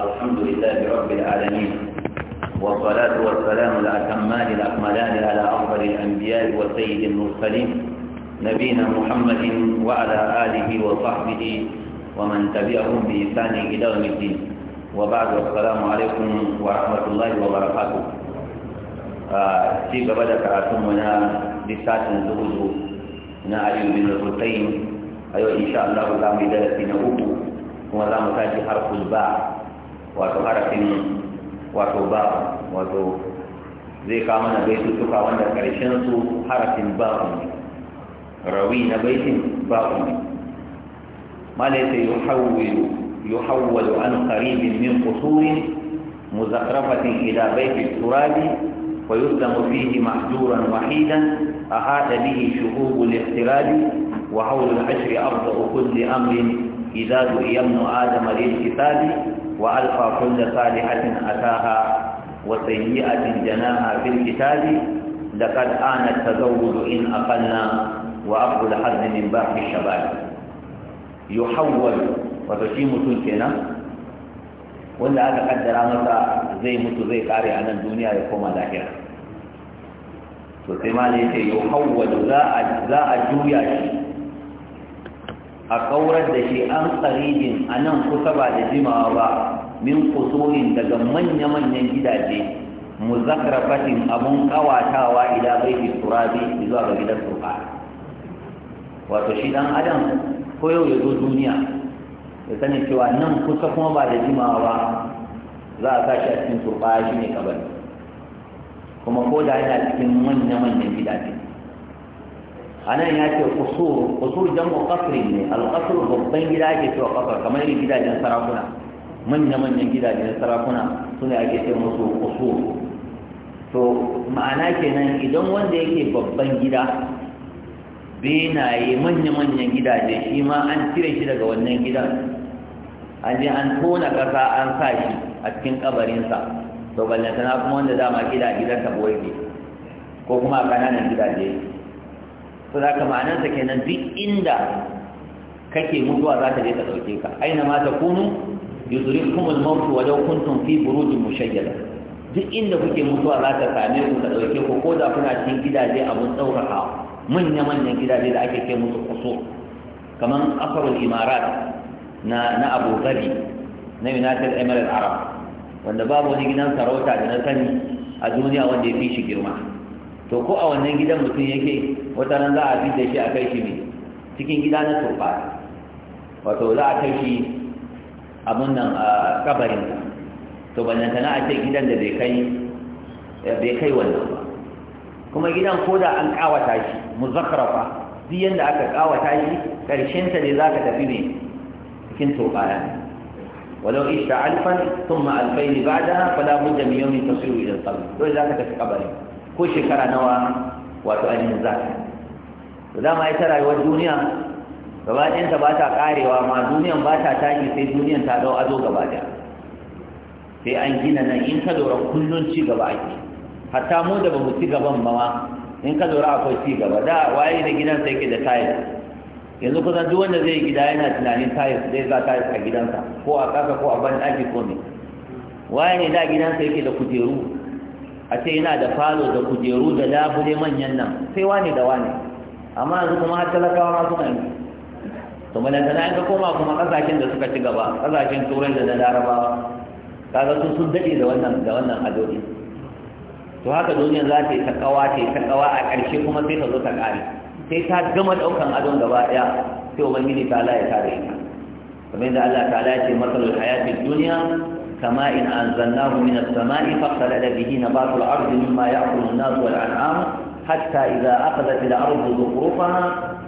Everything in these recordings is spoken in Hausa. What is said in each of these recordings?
الحمد لله رب العالمين والصلاة والسلام الأتمان الأكملان على أفضل الأنبياء وسيد المرسلين نبينا محمد وعلى آله وصحبه ومن تبعهم بإحسان إلى يوم الدين وبعد السلام عليكم ورحمة الله وبركاته في قبل كراتمنا لسات زوج علي بن الحسين أيوة إن شاء الله تعالى درسنا أبو ولا متاجي حرف الباء wato harafin wato ba wato zai kama na bai su tuka wanda karshen su harafin ba ne rawi na baitin ba ne malaita yuhawwilu yuhawwalu an qaribin min kusurin ila qusurin مزخرفة إلى بيت التراب ويسلم فيه محجورا وحيدا أحاط به شهوب الاقتراب وحول الحشر أبطأ amrin أمر إذا دعي ابن آدم kitabi وألقى كل صالحة أتاها وسيئة جناها في الكتاب لقد آن التزوج إن أقلنا وأخذ الحظ من باب الشباب يحول وتشيم تلكنا ولا هذا قدر متى زي متو زي قاري عن الدنيا يقوم الآخرة وسيما ليس يحول لا أجويا شيء a kaurar da shi an tsaribin a nan kusa ba da jimawa ba min kusurin daga manya-manyan gidaje muzakrafatin abun kawatawa ila baiti turabi zuwa ga gidan turba wato shi dan adam ko yau ya zo duniya ya sani cewa nan kusa kuma ba da jimawa ba za a sa shi a cikin turba shi ne kabari kuma ko da yana cikin manya-manyan gidaje anan ya ce kusur kusur jam'u qasri ne al babban gida ake cewa qasr kamar yin gidajen sarakuna manya manyan gidajen sarakuna suna ake ce musu kusur to ma'ana kenan idan wanda yake babban gida benaye manya manyan gidaje shi ma an cire shi daga wannan gidan an je an tona kasa an sa shi a cikin kabarinsa to ballantana kuma wanda dama gida gidan ta yake ko kuma a kananan gidaje to za ka ma'anarsa kenan duk inda kake mutuwa za ta je ta ɗauke ka aina ma ta kunu yuzurikumul mautu wa law kuntum fi burujin mushayyada duk inda kuke mutuwa za ta same ku ta ɗauke ku ko da kuna cikin gidaje abun Mun manya manyan gidaje da ake ke musu kusur kamar asarul imarat na na abu na united emirates arab wanda babu wani gidan sarauta da na sani a duniya wanda ya fi shi girma to ko a wannan gidan mutum yake wata nan za a bi da shi a kai shi ne cikin gida na turba wato za a kai shi abun nan a kabarin to bannan tana a ce gidan da bai kai eh, bai kai wannan ba kuma gidan ko da an kawata shi muzakkarafa duk yanda aka kawata shi karshen ta ne za ka tafi ne cikin alfan ولو عشت ألفا ثم ألفين بعدها فلا بد من يوم تصير إلى القبر Dole za كنت في kabarin. ko shekara nawa wato ainihin za ka to dama ita rayuwar duniya gaba ɗayanta ba ta ƙarewa ma duniyan ba ta taƙi sai duniyan ta ɗau azo gaba ɗaya sai an gina nan in ka lura kullum ci gaba ake hatta mu da bamu ci gaban ba ma in ka lura akwai ci gaba da waye da gidansa yake da tayar yanzu kusan duk wanda zai gida yana tunanin tayis zai za tayis a gidansa ko a ƙasa ko a ban ɗaki ko ne waye ne da gidansa yake da kujeru a ce yana da falo da kujeru da labule manyan nan sai wani da wani. amma yanzu kuma har talakawa ma suka yi to malantana in ka koma kuma kasashen da suka ci gaba kasashen turai da na larabawa kaga su sun dade da wannan da wannan adodi to haka duniyar za ta yi ta kawa ta yi ta kawa a ƙarshe kuma sai ta zo ta ƙare sai ta gama ɗaukan adon gaba ɗaya sai ubangiji ta ya tare ita kamar yadda Allah ta ya ce masalul hayatin duniya كماء أنزلناه من السماء فاختلل به نبات الأرض مما يأكل الناس والأنعام حتى إذا أخذت الأرض زخرفها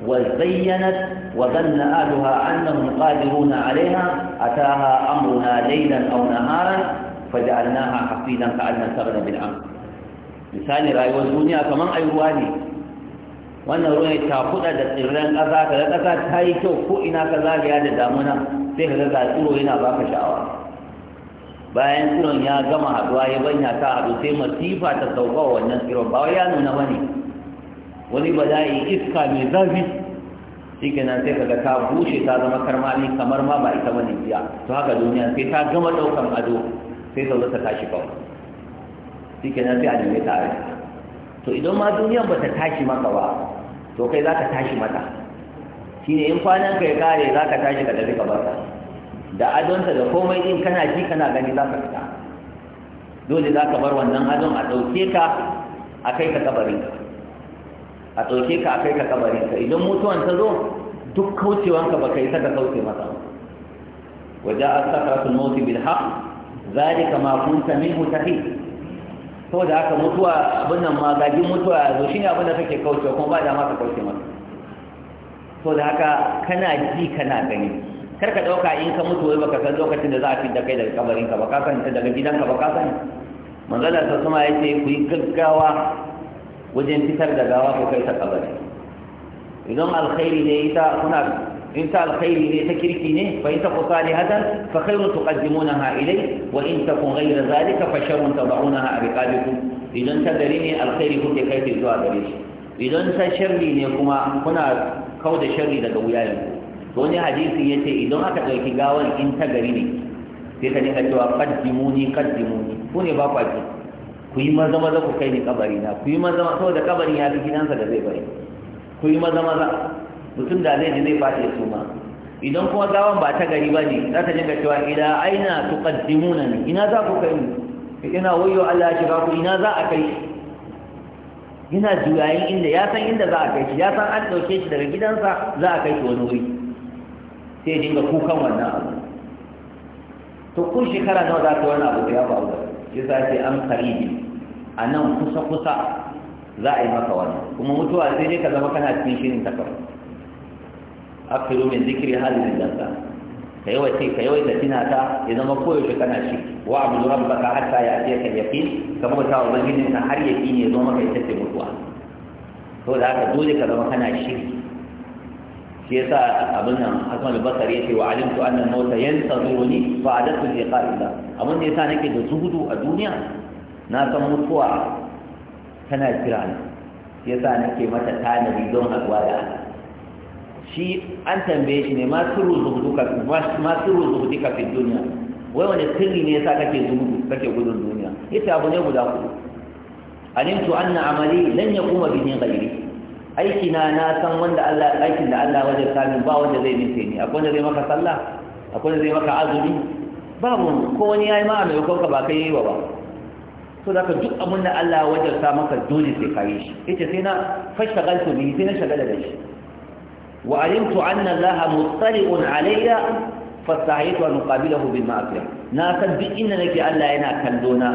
وزينت وظن أهلها أنهم قادرون عليها أتاها أمرنا ليلا أو نهارا فجعلناها حفيدا كأن تغنى بالأمر misali rayuwar duniya kamar aiwa ne wannan ruwan ta kuɗa da tsirran ƙasa kaga ƙasa ta yi kyau ko ina ka zagaya da damuna sai ka ga tsiro yana baka sha'awa bayan tsiron ya gama haduwa ya banya ta haɗu sai masifa ta sauka wannan tsiron ba ya nuna ba ne wani ba yi iska mai zafi shi nan sai kaga ta bushe ta zama karmami kamar ma ba ita bane biya to haka duniya sai ta gama ɗaukar ado sai ta ta tashi ba shi nan sai a nemi tare to idan ma duniyan ba ta tashi maka ba to kai za ka tashi mata ne in kwanan ka ya kare za ka tashi ka tafi ka bar da adonta da komai din kana ji kana gani za ka fita dole za ka bar wannan adon a ɗauke ka a kai ka kabarin a ɗauke ka a kai ka kabarin ka idan mutuwan ta zo duk kaucewanka ba ka yi saka kauce masa waje a saka su mawuti bil haq zalika ma kunta minhu tahi saboda haka mutuwa abin nan ma gajin mutuwa ya zo shine abin da kake kaucewa kuma ba da ma ka kauce masa saboda haka kana ji kana gani kar ka ɗauka in ka mutu wai baka san lokacin da za a fidda kai daga kabarin ka ba ka san daga gidan ka ba san manzala ta kuma ya ce ku yi gaggawa wajen fitar da gawa ku kai ta kabari idan alkhairi ne ita kuna in ta alkhairi ne ta kirki ne fa in ta ku salihatan fa khairun tuqaddimunaha ilay wa in ta takun ghayra zalika fa sharrun tad'unaha ariqabikum idan ta gari ne alkhairi kuke kai ta zuwa gare shi idan ta sharri ne kuma kuna kauda sharri daga wuyayen wani hadisi ya ce idan aka ɗauki gawar in ta gari ne sai ka nika cewa kaddimuni kaddimuni ku ne ba kwaki ku yi maza maza ku kai ni kabari na ku yi maza maza saboda kabarin ya fi gidansa da zai bari ku yi maza maza mutum da zai ji zai fashe su ma idan kuma gawan ba ta gari ba ne za ta nika cewa ina aina tuqaddimuna ni ina za ku kai ni ina wayo Allah ya shiga ku ina za a kai yana juyayin inda ya san inda za a kai shi ya san an ɗauke shi daga gidansa za a kai shi wani wuri sai dinga kukan wannan abu to kun shekara nawa za ka wani abu da ya faru da shi za ce an karibi a nan kusa kusa za a yi maka wani kuma mutuwa sai dai ka zama kana cikin shirin ta takar yi min zikiri halin lalla ka yi wace ka yi wace tina ta ya zama koyaushe kana shi wa abu zuwa baka hatta ya ce ka yafi ka bauta wa ubangijinka har yaki ne ya zo maka ita mutuwa to da haka dole ka zama kana shiri shi yasa abin nan Hassan al ya ce wa alimtu annal al-mauta ni fa adatu liqa illa abin da yasa nake da zuhudu a duniya na san mutuwa tana kira ni shi yasa nake mata tanadi don haɗuwa da shi an tambaye shi ne ma sirru zuhuduka ma sirru fi duniya wai wani sirri ne yasa kake zuhudu kake gudun duniya yace abu ne guda ku alimtu anna amali lan yaquma bihi ghairi aiki na na san wanda Allah aikin da Allah wajen samin ba wanda zai nufe ni akwai wanda zai maka sallah akwai wanda zai maka azumi babu ko wani yayi ma a maimakon ka ba kai yi wa ba to da ka duk abin da Allah wajen sa maka dole sai ka yi shi yace sai na fashtagaltu bi sai na shagala da shi wa alimtu anna Allah muttali'un alayya fastahitu an uqabilahu bil ma'siyah na san duk inda nake Allah yana kallo na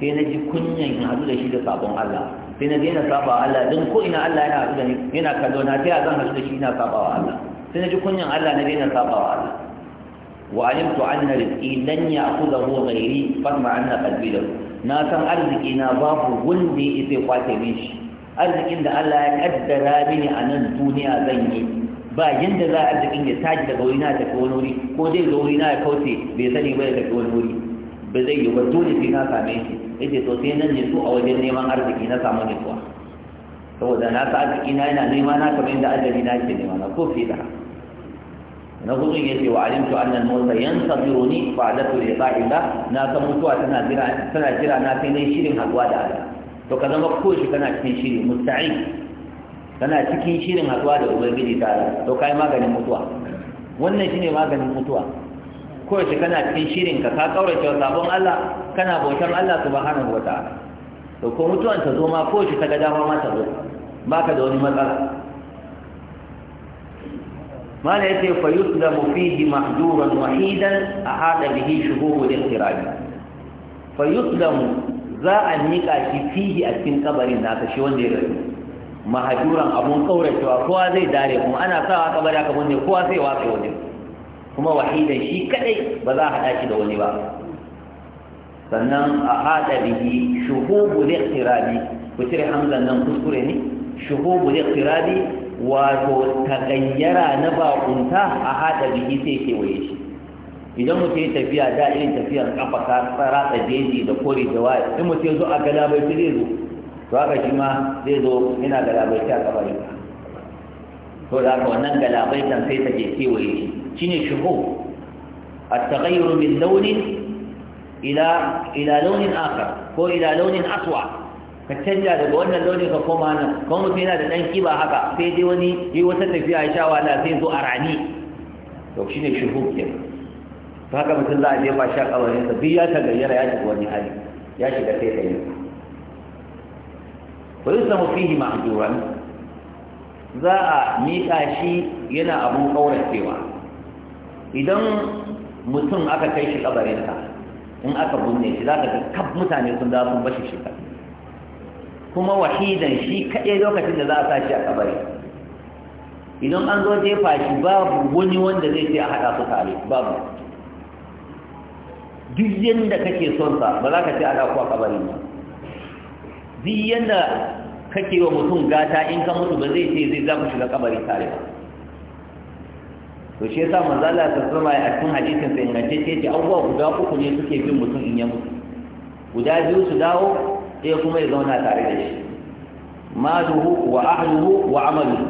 sai na ji kunyan in hadu da shi da sabon Allah sai na daina saba wa Allah don ko ina Allah yana haɗu da ni yana kallo na sai zan haɗu da shi ina saba wa Allah sai na ji kunyan Allah na daina saba wa Allah wa alimtu anna rizqi lan ya'khudhahu ghairi fatma anna qalbi lahu na san arziki na babu wanda ya isa kwace min shi arzikin da Allah ya kaddara mini a nan duniya zan yi ba yanda za a arzikin ya tashi daga wuri na tafi wani wuri ko dai zo wuri na ya kauce bai sani ba ya tafi wani wuri ba zai yi ba dole sai na same shi yace to sai nan ne su a wajen neman arziki na samu ne kuwa saboda na sa arziki na yana nema na kamar yadda ajali na ke nema na ko fi da na hudun ya ce wa to annan mota yan ni ba da tu liqa'illah na san mutuwa tana jira tana jira na sai dai shirin haduwa da Allah to ka zama ko shi kana cikin shiri musta'in kana cikin shirin haduwa da ubangiji ta to kai maganin mutuwa wannan shine maganin mutuwa shi kana cikin shirin ka ka kaurace sabon Allah kana bautar Allah subhanahu wataala to ko mutuwan ta zo ma shi ta ga dama ma ta zo baka da wani matsala mala yake fa yusdamu fihi mahduran wahidan hada bihi shuhuhu al-iqtirab fa yusdamu za a nika shi fihi a cikin kabarin naka shi wanda ya rayu mahduran abun kauracewa kowa zai dare kuma ana sawa kabari aka bunne kowa sai watsa wajen kuma wahidan shi kadai ba za a hada shi da wani ba sannan a hada bihi shuhubul iqtirabi ku cire hamzan nan kuskure ne shuhubul iqtirabi wato tagayyara na bakunta a hada bihi sai kewaye shi idan mutum ya tafiya da irin tafiyar kafa ta ratsa jeji da kore da waye in mutum ya zo a galabai zai zo to haka shi ma zai zo yana galabai ta kabari to da haka wannan galabai kan sai ta ke kewaye shi shine shuhu at-taghayyur min launin ila ila launin akhar ko ila launin aswa ka canja daga wannan launin ka koma nan kuma mutum yana da ɗan kiba haka sai dai wani yi wata tafiya ya sha wala sai zo a rani to shi ne shuhu ke ta haka mutum za a jefa sha kabarin sa duk ya ta gayyara ya shiga wani hali ya shiga sai da yi ko yusa mu fihi mahjuran za a miƙa shi yana abun kauracewa idan mutum aka kai shi kabarinsa in aka bunne shi za ka ga kaf mutane sun da sun bashi shi kuma wahidan shi kaɗai lokacin da za a sa shi a kabari idan an zo jefa shi babu wani wanda zai ce a haɗa su tare babu duk yadda kake son sa ba za ka ce a ɗauko a kabari ba duk yadda kake wa mutum gata in ka mutu ba zai ce zai za ku shiga kabari tare ba to shi yasa manzo Allah ta zama a cikin hadisin sai ingance ce ce abubuwa guda uku ne suke bin mutum in ya mutu guda biyu su dawo sai kuma ya zauna tare da shi maluhu wa ahluhu wa amaluhu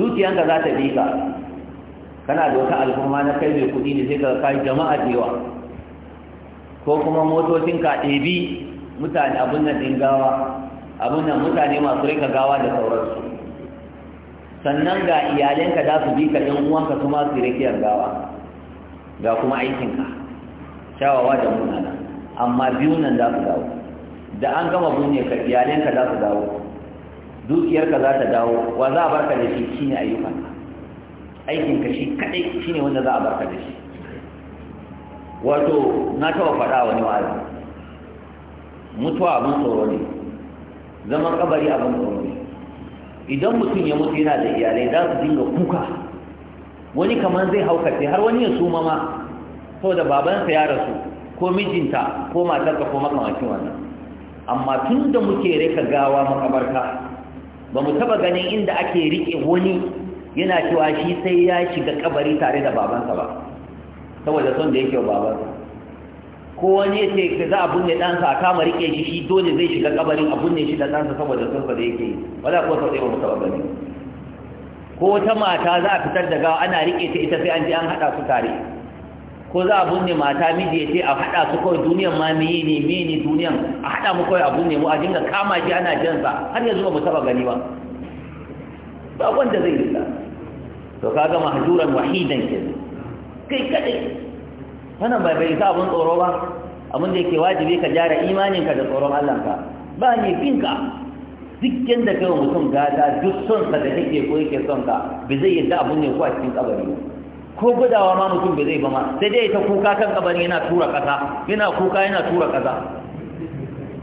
dukiyanka za ta bi ka kana da wata alfurma na kai mai kuɗi ne sai ka kai jama'a da yawa ko kuma motocin ka ɗebi mutane abin nan dingawa, abin nan mutane masu rika gawa da sauransu sannan ga iyalanka za su bi ka ɗan uwanka kuma su rakiyar gawa ga kuma aikinka shawawa da munana amma biyu nan za su dawo da an gama bunne ka iyalanka za su dawo dukiyarka za ta dawo wa za a barka da shi shi shine ayyukanka aikinka shi kadai ne wanda za a barka da shi wato na taɓa faɗa wani wa'azi mutuwa abin tsoro ne zaman kabari abin tsoro ne idan mutum ya mutu yana da iyalai za su dinga kuka wani kamar zai sai har wani ya suma ma saboda babansa ya rasu ko mijinta ko matarka ko makamancin wannan amma tun da muke rika gawa makabarta ba mu taba ganin inda ake rike wani yana cewa shi sai ya shiga kabari tare da babansa ba saboda son da yake babansa ko wani ya ce ka za a binne ɗansa a kama riƙe shi shi dole zai shiga kabarin a binne shi da ɗansa saboda sarfa da yake yi za ko sau ɗaya ba mutu ba ko wata mata za a fitar da gawa ana riƙe ta ita sai an je an haɗa su tare ko za a binne mata miji ya ce a haɗa su kawai duniyan ma meye ne meye ne duniyan a haɗa mu kawai a binne mu a dinga kama shi ana jansa har yanzu ba mu taɓa gani ba ba wanda zai yi to kaga mahjuran wahidan kenan kai kaɗai. wannan bai bai sa abun tsoro ba abin da yake wajibi ka jara imaninka da tsoron Allah ka ba ne finka duk yanda kai mutum gata duk son ka da kake ko yake son ka bai zai yadda abun ne ko a cikin kabari ko gudawa ma mutum bai zai ba ma sai dai ta kuka kan kabari yana tura kasa yana kuka yana tura kasa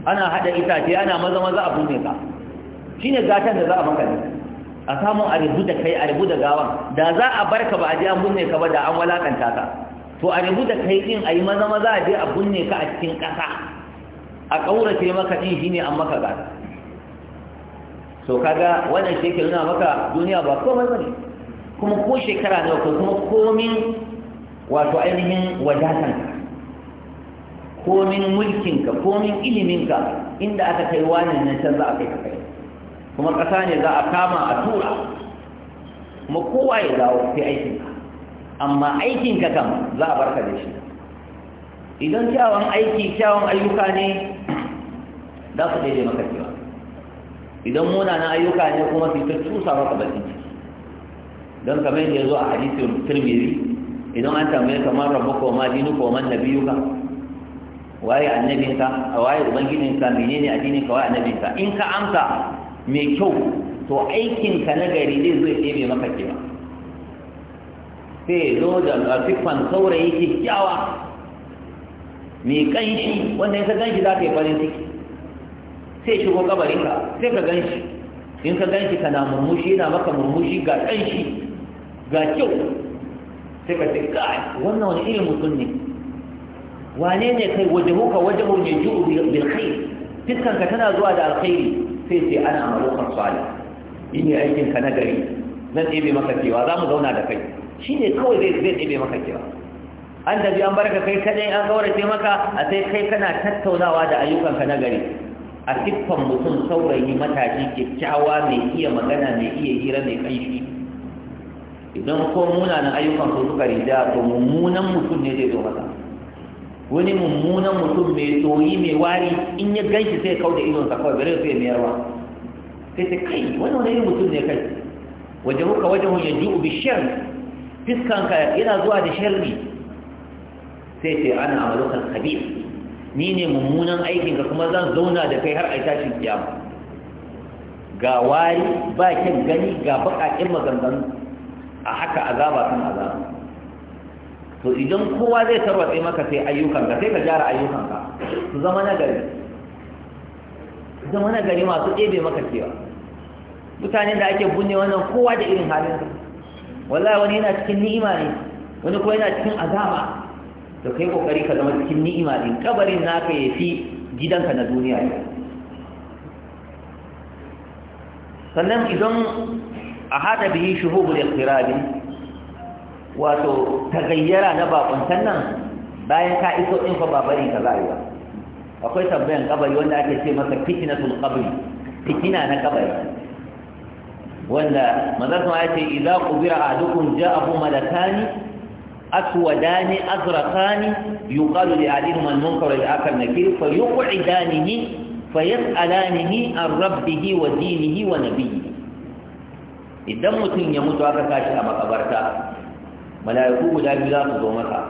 ana hada itace ana maza maza a ne ka shine gatan da za a maka ne a samu a rubu da kai a rubu da gawan da za a barka ba a ji an bunne ka ba da an walakanta ka to a rubu da kai din a yi maza maza a je a bunne ka a cikin ƙasa a ƙaurace maka din shine an maka gasa so kaga wannan shi yake nuna maka duniya ba komai bane kuma ko shekara nawa ko kuma komin wato ainihin wadatan komin ka komin ka, inda aka kai wannan nan can za a kai kai kuma ƙasa ne za a kama a tura kuma kowa ya dawo sai aikin ka? amma aikin ka kam za a barka da shi idan kyawun aiki kyawun ayyuka ne za su daidai maka cewa idan munanan ayyuka ne kuma su ta tusa maka bakin ciki don kamar yadda ya zo a hadisin turmiri idan an tambaye kamar rabu ko ma dinu ko man ka waye annabinka waye ubangijinka menene addininka waye annabinka in ka amsa mai kyau to aikinka na gari zai zo ya ɗebe maka cewa sai zo da fiffan saurayi kyakkyawa mai kanshi wanda ya ka ganshi za ka yi farin ciki sai shigo kabarinka sai ka ganshi in ka ganshi kana murmushi yana maka murmushi ga ƙanshi, ga kyau sai ka ce kai wannan wani irin mutum ne wane ne kai wajahuka wajahu ne ju'u bil khair fiskanka tana zuwa da alkhairi sai sai ana amalukan salih in ne aikin ka gari. zan ɗebe maka cewa za mu zauna da kai shi ne kawai zai zai ɗebe maka cewa an tafi an barka kai kadai an gaurace maka a sai kai kana tattaunawa da ayyukanka na gari a siffan mutum saurayi matashi kyakkyawa mai iya magana mai iya hira mai ƙanshi idan ko munanan ayyukan su suka rida to mummunan mutum ne zai zo maka. wani mummunan mutum mai tsoyi mai wari in ya ganshi sai kauda idonsa kawai bare su ya mayarwa sai sai kai wani wani mutum ne kai wajahuka wajahun yaju'u bishirr fiskanka yana zuwa da sharri sai ce ana amalukan khabir ni ne mummunan aikin ka kuma zan zauna da kai har a tashin kiyama ga wari ba kyan gani ga bakakin maganganu a haka azaba kan azaba to idan kowa zai tarwatse maka sai ayyukan ka, sai ka gyara ayyukanka su zama nagari su zama nagari masu ɗebe maka cewa mutanen da ake bunne wannan kowa da irin halin su wallahi wani yana cikin ni'ima ne wani kuma yana cikin azaba to kai kokari ka zama cikin ni'ima din kabarin naka fi gidanka na duniya sannan idan a hada bihi shuhubul iqtirabi wato tagayyara na bakuntan nan bayan ka iso din fa babari ka zai ba akwai tabbayan kabari wanda ake ce masa fitnatul qabri fitina na kabari wanda manzon ya ce ku idza qubira ahadukum ja'ahu malakani aswadani azraqani yuqalu li ahadihima al-munkar wal akhar nakir fa yuq'idanihi fa yas'alanihi an rabbihi wa dinihi wa nabiyhi idan mutum ya mutu aka kashi a makabarta mala'iku guda biyu za su zo masa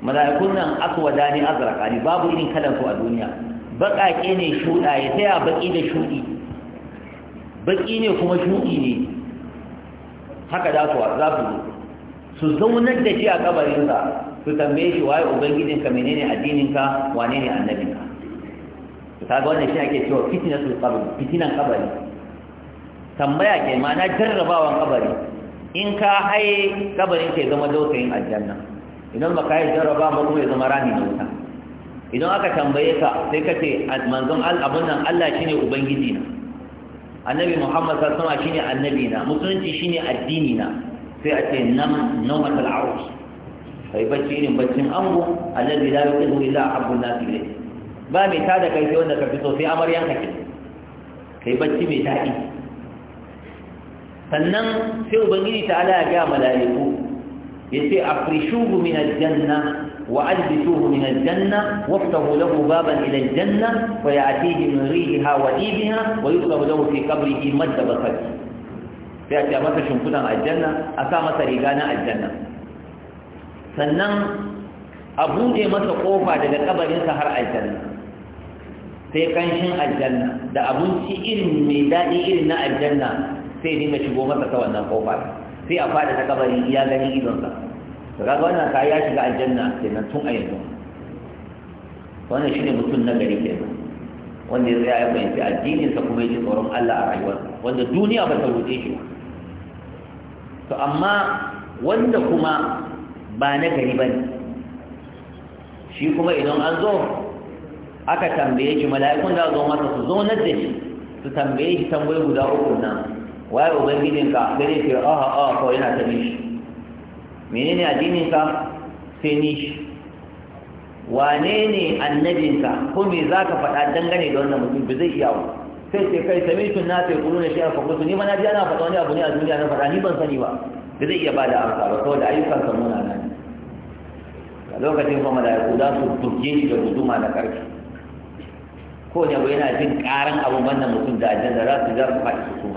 mala'ikun nan aswadani azraqani babu irin kalan a duniya baƙaƙe ne shuɗaye ta ya baƙi da shuɗi baki ne kuma shuki ne haka za su za su su zaunar da shi a kabarinsa su tambaye shi waye ubangijinka menene addininka wane ne annabinka to ga wannan shi ake cewa su qabr fitinan kabari tambaya ke ma'ana jarrabawan kabari in ka haye kabarin ke zama dausayin aljanna idan ba ka yi jarraba ba kuma ya zama rami na wuta idan aka tambaye ka sai ka ce manzon abun nan Allah shine ubangiji na annabi muhammad sallallahu sama shine annabi na musulunci shine addini na sai a ce nam nawmatul arus kai bacci irin baccin ango alladhi la yuqidu illa abun nas ilayhi ba mai tada kai wanda ka fito sai amaryan ka ke kai bacci mai daɗi sannan sai ubangiji ta ala ya ga mala'iku ya ce afrishuhu min aljanna وألبسوه من الجنة وافتحوا له بابا إلى الجنة ويأتيه من ريحها وإيدها ويطلب له في قبره مد بصره فيأتي أمسى شنكونا الجنة أسامة ريقانا الجنة سنن أبوجي مسى قوفا لدى قبر سهر الجنة sai kanshin aljanna da abinci irin mai daɗi irin na aljanna sai dinga shigo masa ta wannan kofar sai a fada ta kabari ya gani idonsa to kaga wannan ka ya shiga aljanna kenan tun a yanzu wannan shine mutum na gari kenan wanda ya tsaya ya fahimci addininsa kuma ya ji tsoron Allah a rayuwar wanda duniya ba ta rute shi to amma wanda kuma ba na gari ba ne shi kuma idan an zo aka tambaye shi mala'ikun da zo masa su zo na da su tambaye shi tambayi guda uku nan waye ubangijinka gare ce aha aha ko yana ta shi menene ka? sai wanene annabin ka ko me za ka faɗa dangane da wannan mutum ba zai iya wa sai ce kai sami tun na sai kuru na shi a fakultu ni ma na ji ana faɗa wani abu ne a duniya na faɗa ni ban sani ba ba zai iya ba da amsa ba saboda ayyukan sa muna nan a lokacin kuma da yaku za su turke shi da guduma da ƙarfi ko ne abu yana jin ƙaran abu wannan mutum da ajiyar da za su za su faɗi su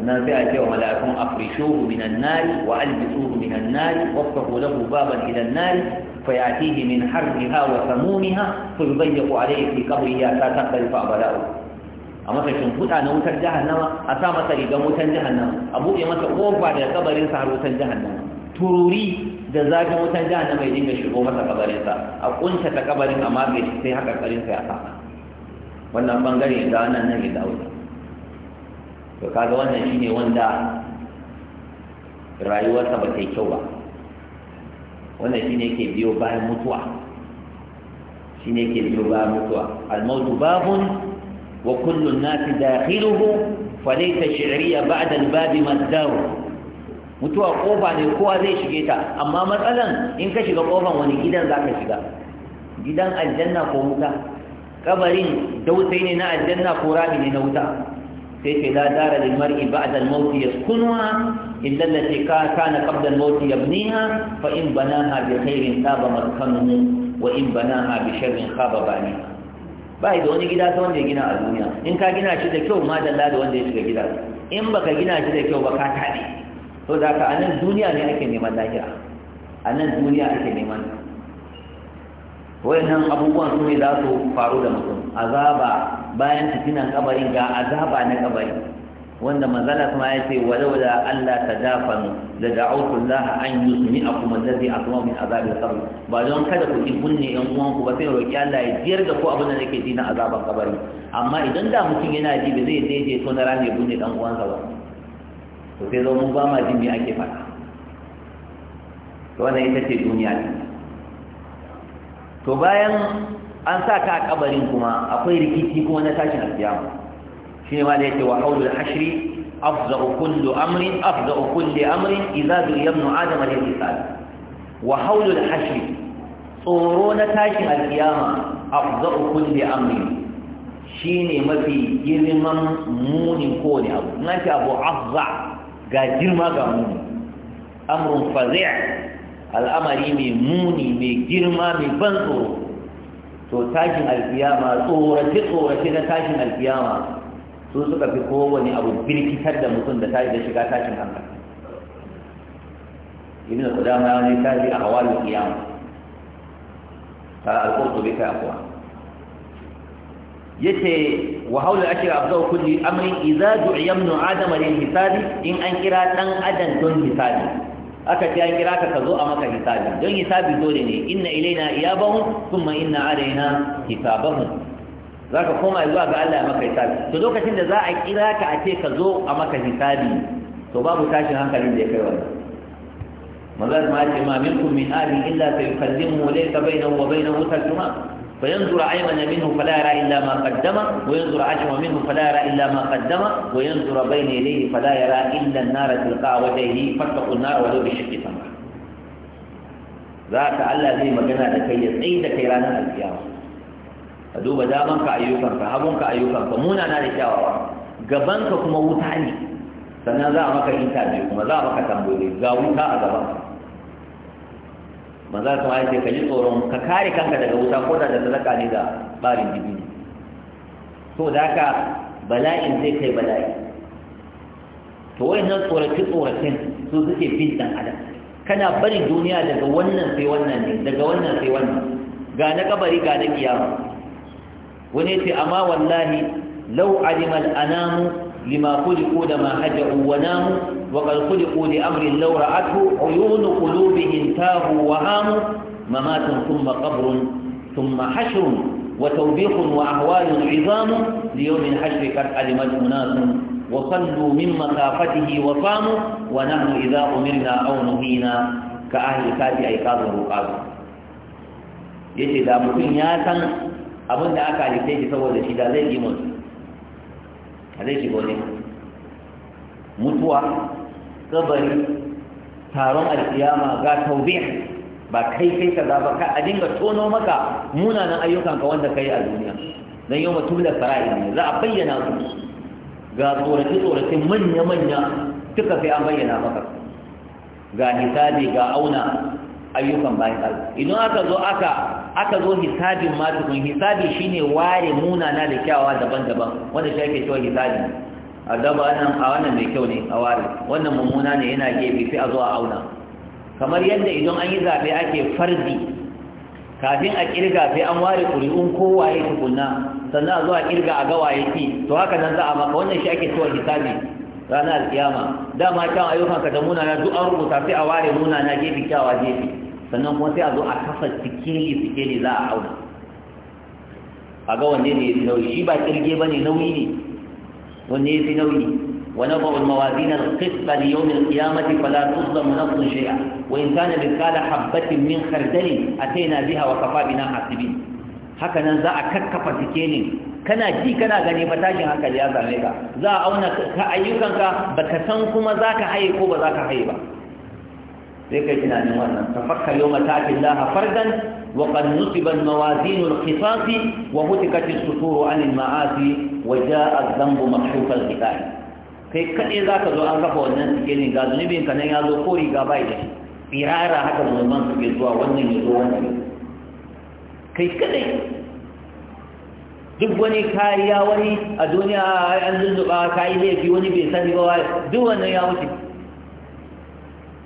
sannan sai a cewa wa mala'ikun afrishuhu minan nari wa albisuhu minan nari waftahu lahu baban ila nari fa yatihi min harriha wa samumiha fa yudayyaqu alayhi fi qabrihi ta taqrifa abala'u a masa shimfuda na wutar jahannama a sa masa rigar wutar jahannama a buɗe masa ƙofa da kabarin sa har wutar jahannama tururi da zafin wutar jahannama ya dinga shigo masa kabarin sa a kunta ta kabarin a matsayi sai haka karin sa ya sa wannan bangare da wannan nan ya dawo to kaga wannan shine wanda rayuwarsa ba ta yi kyau ba wannan shine yake biyo bayan mutuwa shine yake biyo bayan mutuwa al-mautu babun wa kullu an-nas dakhiluhu falaysa shi'riya ba'da al-bab maddaru mutuwa kofa ne kowa zai shige ta amma matsalan in ka shiga kofan wani gidan za shiga gidan aljanna ko wuta kabarin dautai ne na aljanna ko rami ne na wuta sai ce la dara lil mar'i ba'da al mawt yaskunuha illa allati kana qabla al mawt yabniha fa in banaha bi khairin taba maskanuhu wa in banaha bi sharrin khaba baniha bai da wani gida ta wanda ya gina a duniya in ka gina shi da kyau ma dalla da wanda ya shiga gida in baka gina shi da kyau ba ka tabe to da ka anan duniya ne ake neman lahira anan duniya ake neman wayannan abubuwan su ne za su faru da mutum azaba bayan fitinan kabarin ga azaba na kabari wanda manzala kuma ya ce walau da Allah ta dafanu da da'autu Allah an yusmi akum allazi asma min azabil qabr ba don kada ku ji kunne yan uwan ku ba sai roki Allah ya jiyar da ku abin da nake ji na azaban kabari amma idan da mutum yana ji ba zai daidai to na rane bunne dan sa ba to sai zo mu ba ma ji me ake faɗa wannan ita ce duniya to bayan an sa ka a kabarin kuma akwai rikici kuma na tashin alkiyama shi ne ma da yake wa haulul hashri afza'u kullu amrin afza'u kulli amrin idza du'iya ibn adam alayhi salam wa haulul hashri tsoro na tashin alkiyama afza'u kulli amrin shine mafi girman munin kowane abu nan ce abu afza ga girma ga muni amrun fazi' al'amari mai muni mai girma mai ban tsoro to tashin alkiyama tsorace tsorace na tashin alkiyama su suka fi kowane abu birkitar da mutum da tashi da shiga tashin hankali ibn qudama ya ne tashi a hawalin qiyam ta al-qurtubi kai akwa yace wa hawla ashra afdau kulli amrin idza du'iya ibn adam lil hisabi in an kira dan adam don hisabi aka ce an kira ka ka zo a maka hisabi don hisabi dole ne inna ilaina iyabahum thumma inna alaina hisabahum ka koma zuwa ga Allah ya maka hisabi to lokacin da za a kira ka a ce ka zo a maka hisabi to babu tashin hankalin da ya kai wannan ari ma ce ma minkum min ahli illa sayukallimu laysa bainahu wa bainahu tarjuma فينظر أيمن منه فلا يرى إلا ما قدم وينظر أشم منه فلا يرى إلا ما قدم وينظر بين يديه فلا يرى إلا النار تلقى وجهه فاتقوا النار ولو بشق تمر ذاك الله زي ما قلنا لكي يسعيد كيرانا القيامة فدوب دامنك أيوكا فهبنك أيوكا فمونا نار شاورا gabanka kuma wuta ne sannan za a maka intabiyu kuma za a maka tambayoyi ga wuta a gabanka manzo kuma ya ce ka ji tsoron ka kare kanka daga wuta ko da sadaka ne da barin dibino to da haka bala'in zai kai bala'i to nan tsorace tsoracen su suke bin dan adam kana barin duniya daga wannan sai wannan ne daga wannan sai wannan ga na kabari ga na kiyama wani ce amma wallahi law alimal anamu لما خلقوا لما هجأوا وناموا وقد خلقوا لأمر لو رأته عيون قلوبهم تاهوا وهاموا ممات ثم قبر ثم حشر وتوبيخ وأهوال عظام ليوم الحشر قد علمت أناس وصلوا من مخافته وصاموا ونحن إذا أمرنا أو نهينا كأهل الكاد أيقاظ الرقاب yace da mutum ya san abin da سيدي halitta shi saboda shi ba zai ne? mutuwa kabari taron alkiyama ga Taube ba kai kai ka ba ka a dinga tono maka munanan ayyukan ka wanda yi a duniya dan yau mutum da fara'i ne za a bayyana su ga tsorace tsorace manya manya duka sai an bayyana maka ga hisabi ga auna ayyukan bayan idan aka zo aka aka zo hisabin ma tukun hisabi shine ware munana da kyawawa daban-daban wanda shi ake cewa hisabi a daba nan a wannan mai kyau ne a ware wannan mummuna ne yana gefe sai a zo a auna kamar yadda idan an yi zaɓe ake fardi kafin a kirga sai an ware ƙuri'un kowaye tukunna sannan a zo a kirga a gawaye ki to haka nan za a maka wannan shi ake cewa hisabi ranar alkiyama dama kyan ayyukanka da munana duk an rubuta sai a ware munana gefe kyawawa gefe sannan kuma sai a zo a kafa sikeli sikeli za a auna a ga wanne ne ya nauyi shi ba kirge ba ne nauyi ne wanne ya fi nauyi ونضع الموازين القسط ليوم in فلا تظلم نفس شيئا وإن كان مثقال حبة من خردل أتينا بها وكفى بنا Haka nan za a kakkafa sikeli kana ji kana gani ba tashin hankali ya same ka za a auna ka ayyukanka ka san kuma ka haye ko ba za ka haye ba sai kai tunanin wannan tafakka yau matakin laha fardan wa qad nusiba al-mawazin al-qisas wa hutikat as-sutur an al-ma'asi wa jaa adh-dhanbu mahshuf al-qital kai kade zaka zo an kafa wannan cikin ga zunubin ka ya zo ko riga bai da firara haka zunuban suke zuwa wannan ya zo wannan kai kade duk wani kariya wani a duniya an zuzzuba kai laifi wani bai sani ba duk wannan ya wuce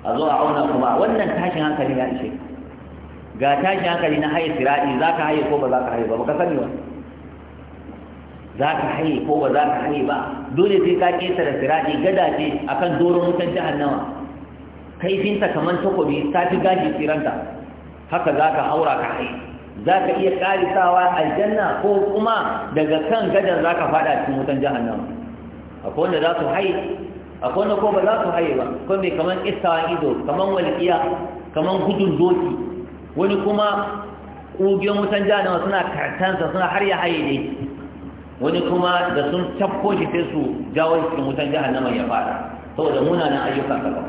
a zo a auna kuma wannan tashin hankali ya ishe ga tashin hankali na haye sirai za ka haye ko ba za ka haye ba ba ka sani ba za ka haye ko ba za ka haye ba dole sai ka kesa da sirai gada ce kan doron wutan jahannama kaifinta kamar takobi ta fi gashi tsiranta haka za ka haura ka haye za ka iya karisawa aljanna ko kuma daga kan gadon za ka fada cikin wutan jahannama akwai wanda za su haye akwai wanda ko ba za su haye ba akwai mai kaman istawa ido kaman walƙiya kaman gudun doki wani kuma ƙugiyon wutan janawa suna kartansa suna har ya haye dai wani kuma da sun tafko shi sai su jawo shi wutan jahannama ya fara saboda munanan ayyukan gaba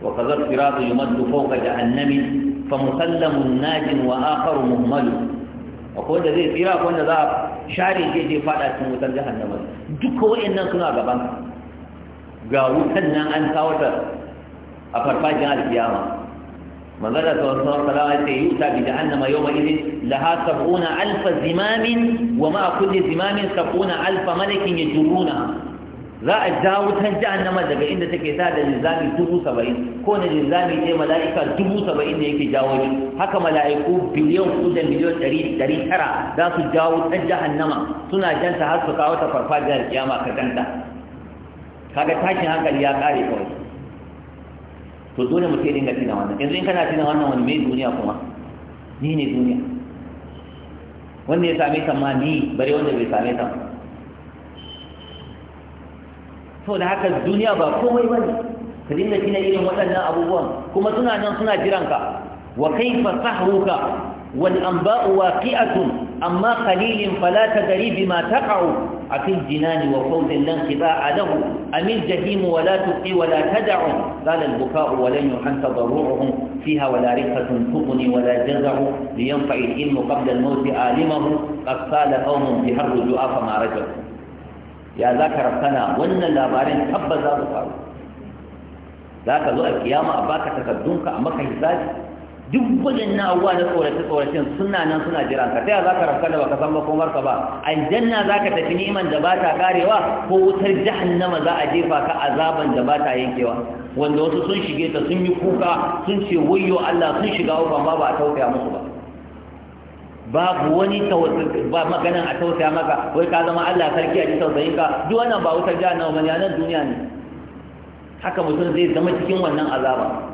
wa kazar siratu yumaddu fawqa jahannami fa musallamun najin wa akharu muhmalu akwai wanda zai tsira akwai wanda za a share shi je fada cikin wutan jahannama duka wayannan suna gaban ka ga wutan nan an kawo ta a farfajin alkiyama manzala ta wasu salama ce yi ta bi jahannama yau ma la ha sab'una alfa zimamin wa ma kulli zimamin sab'una alfa malakin yajuruna za a ja wutan jahannama daga inda take ta da linzami dubu saba'in ko na linzami ne mala'ika dubu saba'in da yake jawo ni haka mala'iku biliyan kudu da miliyan ɗari ɗari tara za su jawo wutan jahannama suna janta har su kawo ta farfajiyar kiyama ka ganta kaga tashin hankali ya kare kawai to dole mu sai dinga tina wannan yanzu in kana tina wannan wani mai duniya kuma ni ne duniya wanda ya same ta ma ni bare wanda bai same ta to da haka duniya ba komai bane ka dinga tina irin waɗannan abubuwan kuma suna nan suna jiran ka wa kaifa sahruka wal anba'u waqi'atun amma qalilin fala tadri bima taqa'u afil jinani wa fawdil lanqiba'a lahu amil jahim wa la tuqi wa la tad'u qala al bukaa wa lan yuhanta daru'uhum fiha wa la rifatun tuqni wa la ilmu qabla al maut alimahu qad sala qawmun bi harru du'a fa ma ya zaka rabbana wannan labarin tabbaza bukaa zaka zo al qiyama a baka takaddunka amma kai zaki duk wajen na abuwa na tsorace suna nan suna jira ka ta yi za ka rafka da baka san makomar ka ba aljanna za ka tafi neman da ba ta karewa ko wutar jahannama za a jefa ka azaban da ba ta yankewa wanda wasu sun shige ta sun yi kuka sun ce wayyo Allah sun shiga uku ba a tausaya musu ba babu wani ba maganin a tausaya maka wai ka zama Allah sarki a ji tausayin ka duk wannan ba wutar jahannama ba ne a nan duniya ne haka mutum zai zama cikin wannan azaba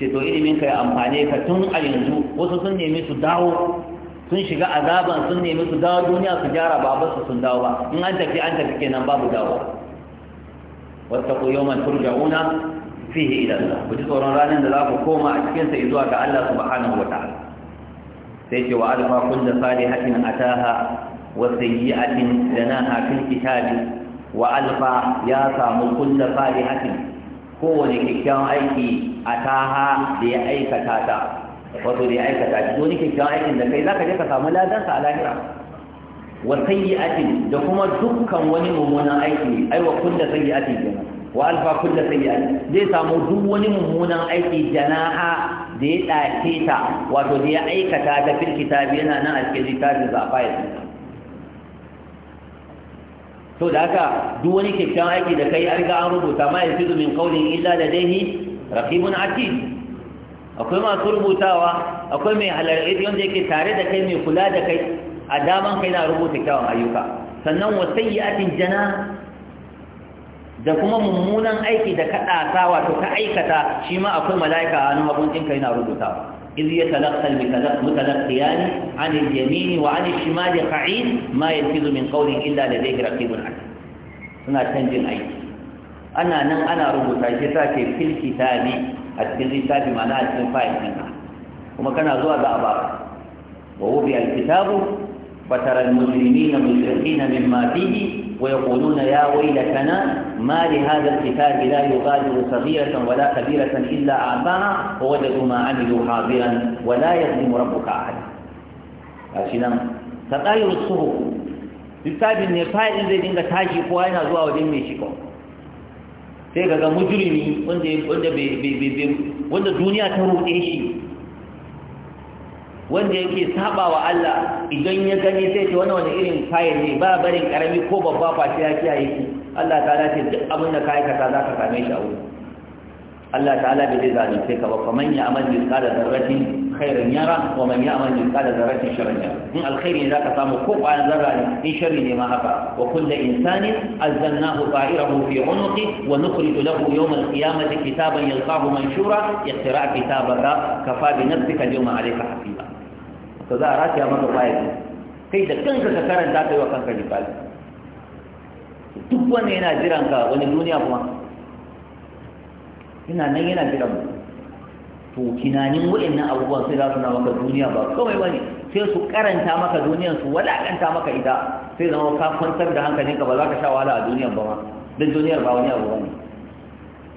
ce ilimin ka ya amfane ka tun a yanzu wasu sun nemi su dawo sun shiga azaban sun nemi su dawo duniya su gyara ba su sun dawo ba in an tafi an tafi kenan babu dawo wattaqu yawman turja'una fihi ila Allah ku ji tsoron ranar da za ku koma a cikin sa zuwa ga Allah subhanahu wa ta'ala sai ce wa alfa kun da salihatin ataha wa sayyi'atin danaha fil kitabi wa alfa ya samu kun da kullu Hakin. kowane kyakkyawan aiki a taha da ya aikata ta wato da ya aikata shi wani kyakkyawan aikin da kai za ka je ka samu ladansa a lahira wa sayyi'atin da kuma dukkan wani mummunan aiki ai wa kullu sayyi'atin kenan wa alfa kullu sayyi'atin zai samu duk wani mummunan aiki janaha da ya dace ta wato da ya aikata ta fil kitabi yana nan a cikin littafin zafayat to da haka duk wani kyakkyawan aiki da kai an riga an rubuta ma yanzu domin qawlin illa daihi rahimun atid akwai masu rubutawa akwai mai halarci wanda yake tare da kai mai kula da kai a daman kai na rubuta kyawun ayyuka sannan wa atin jana da kuma mummunan aiki da kaɗa ɗasa wato ka aikata shi ma akwai mala'ika a hannun hagun kai yana rubutawa إذ يتلقى المتلقيان عن اليمين وعن الشمال قعيد ما يلفظ من قول إلا لديه رقيب عليم هنا تنجي الأيض أنا نم أنا ربطا جفاك في الكتاب أتكلم الكتاب معنى أتكلم فائد منها وما كان أزوى بأبار ووضع الكتاب فترى المجرمين مشرقين مما فيه ويقولون يا ويلتنا ما لهذا الكتاب لا يغادر صغيرة ولا كبيرة إلا أعطاها ووجدوا ما عملوا حاضرا ولا يظلم ربك أحد عشان تغير الصحف littafin ne zai dinga tashi ko yana zuwa wajen mai shi kawai sai ga mujirimi wanda duniya ta ruɗe shi wanda yake saba wa Allah idan ya gani sai ce wani wani irin fayil ne ba barin karami ko babba face ya kiyaye shi Allah ta'ala ce duk abin da kai ka ta zaka same shi a wuri Allah ta'ala bai zai zalunce ka ba man ya amal qada zarratin khairan yara wa man ya'mal qada zarratin sharran yara in alkhairi ne zaka samu ko ƙwayan zarra ne in sharri ne ma haka wa kullu insanin azzalnahu ta'irahu fi 'unuqi wa nukhriju lahu yawm al-qiyamati kitaban yalqahu manshura ihtira' kitabaka kafa bi nafsika yawma 'alayka hasiba to za a rakiya maka fa'izi kai da kanka ka karanta kai wa kanka jibali duk wanda yana jiran ka wani duniya kuma Ina nan yana jiran mu to tunanin wa'annan abubuwan sai za su na maka duniya ba kawai wani? sai su karanta maka duniyan su walakanta maka ita sai zama ka kwantar da ka ba za ka sha wahala a duniyan ba ma don duniyar ba wani abu bane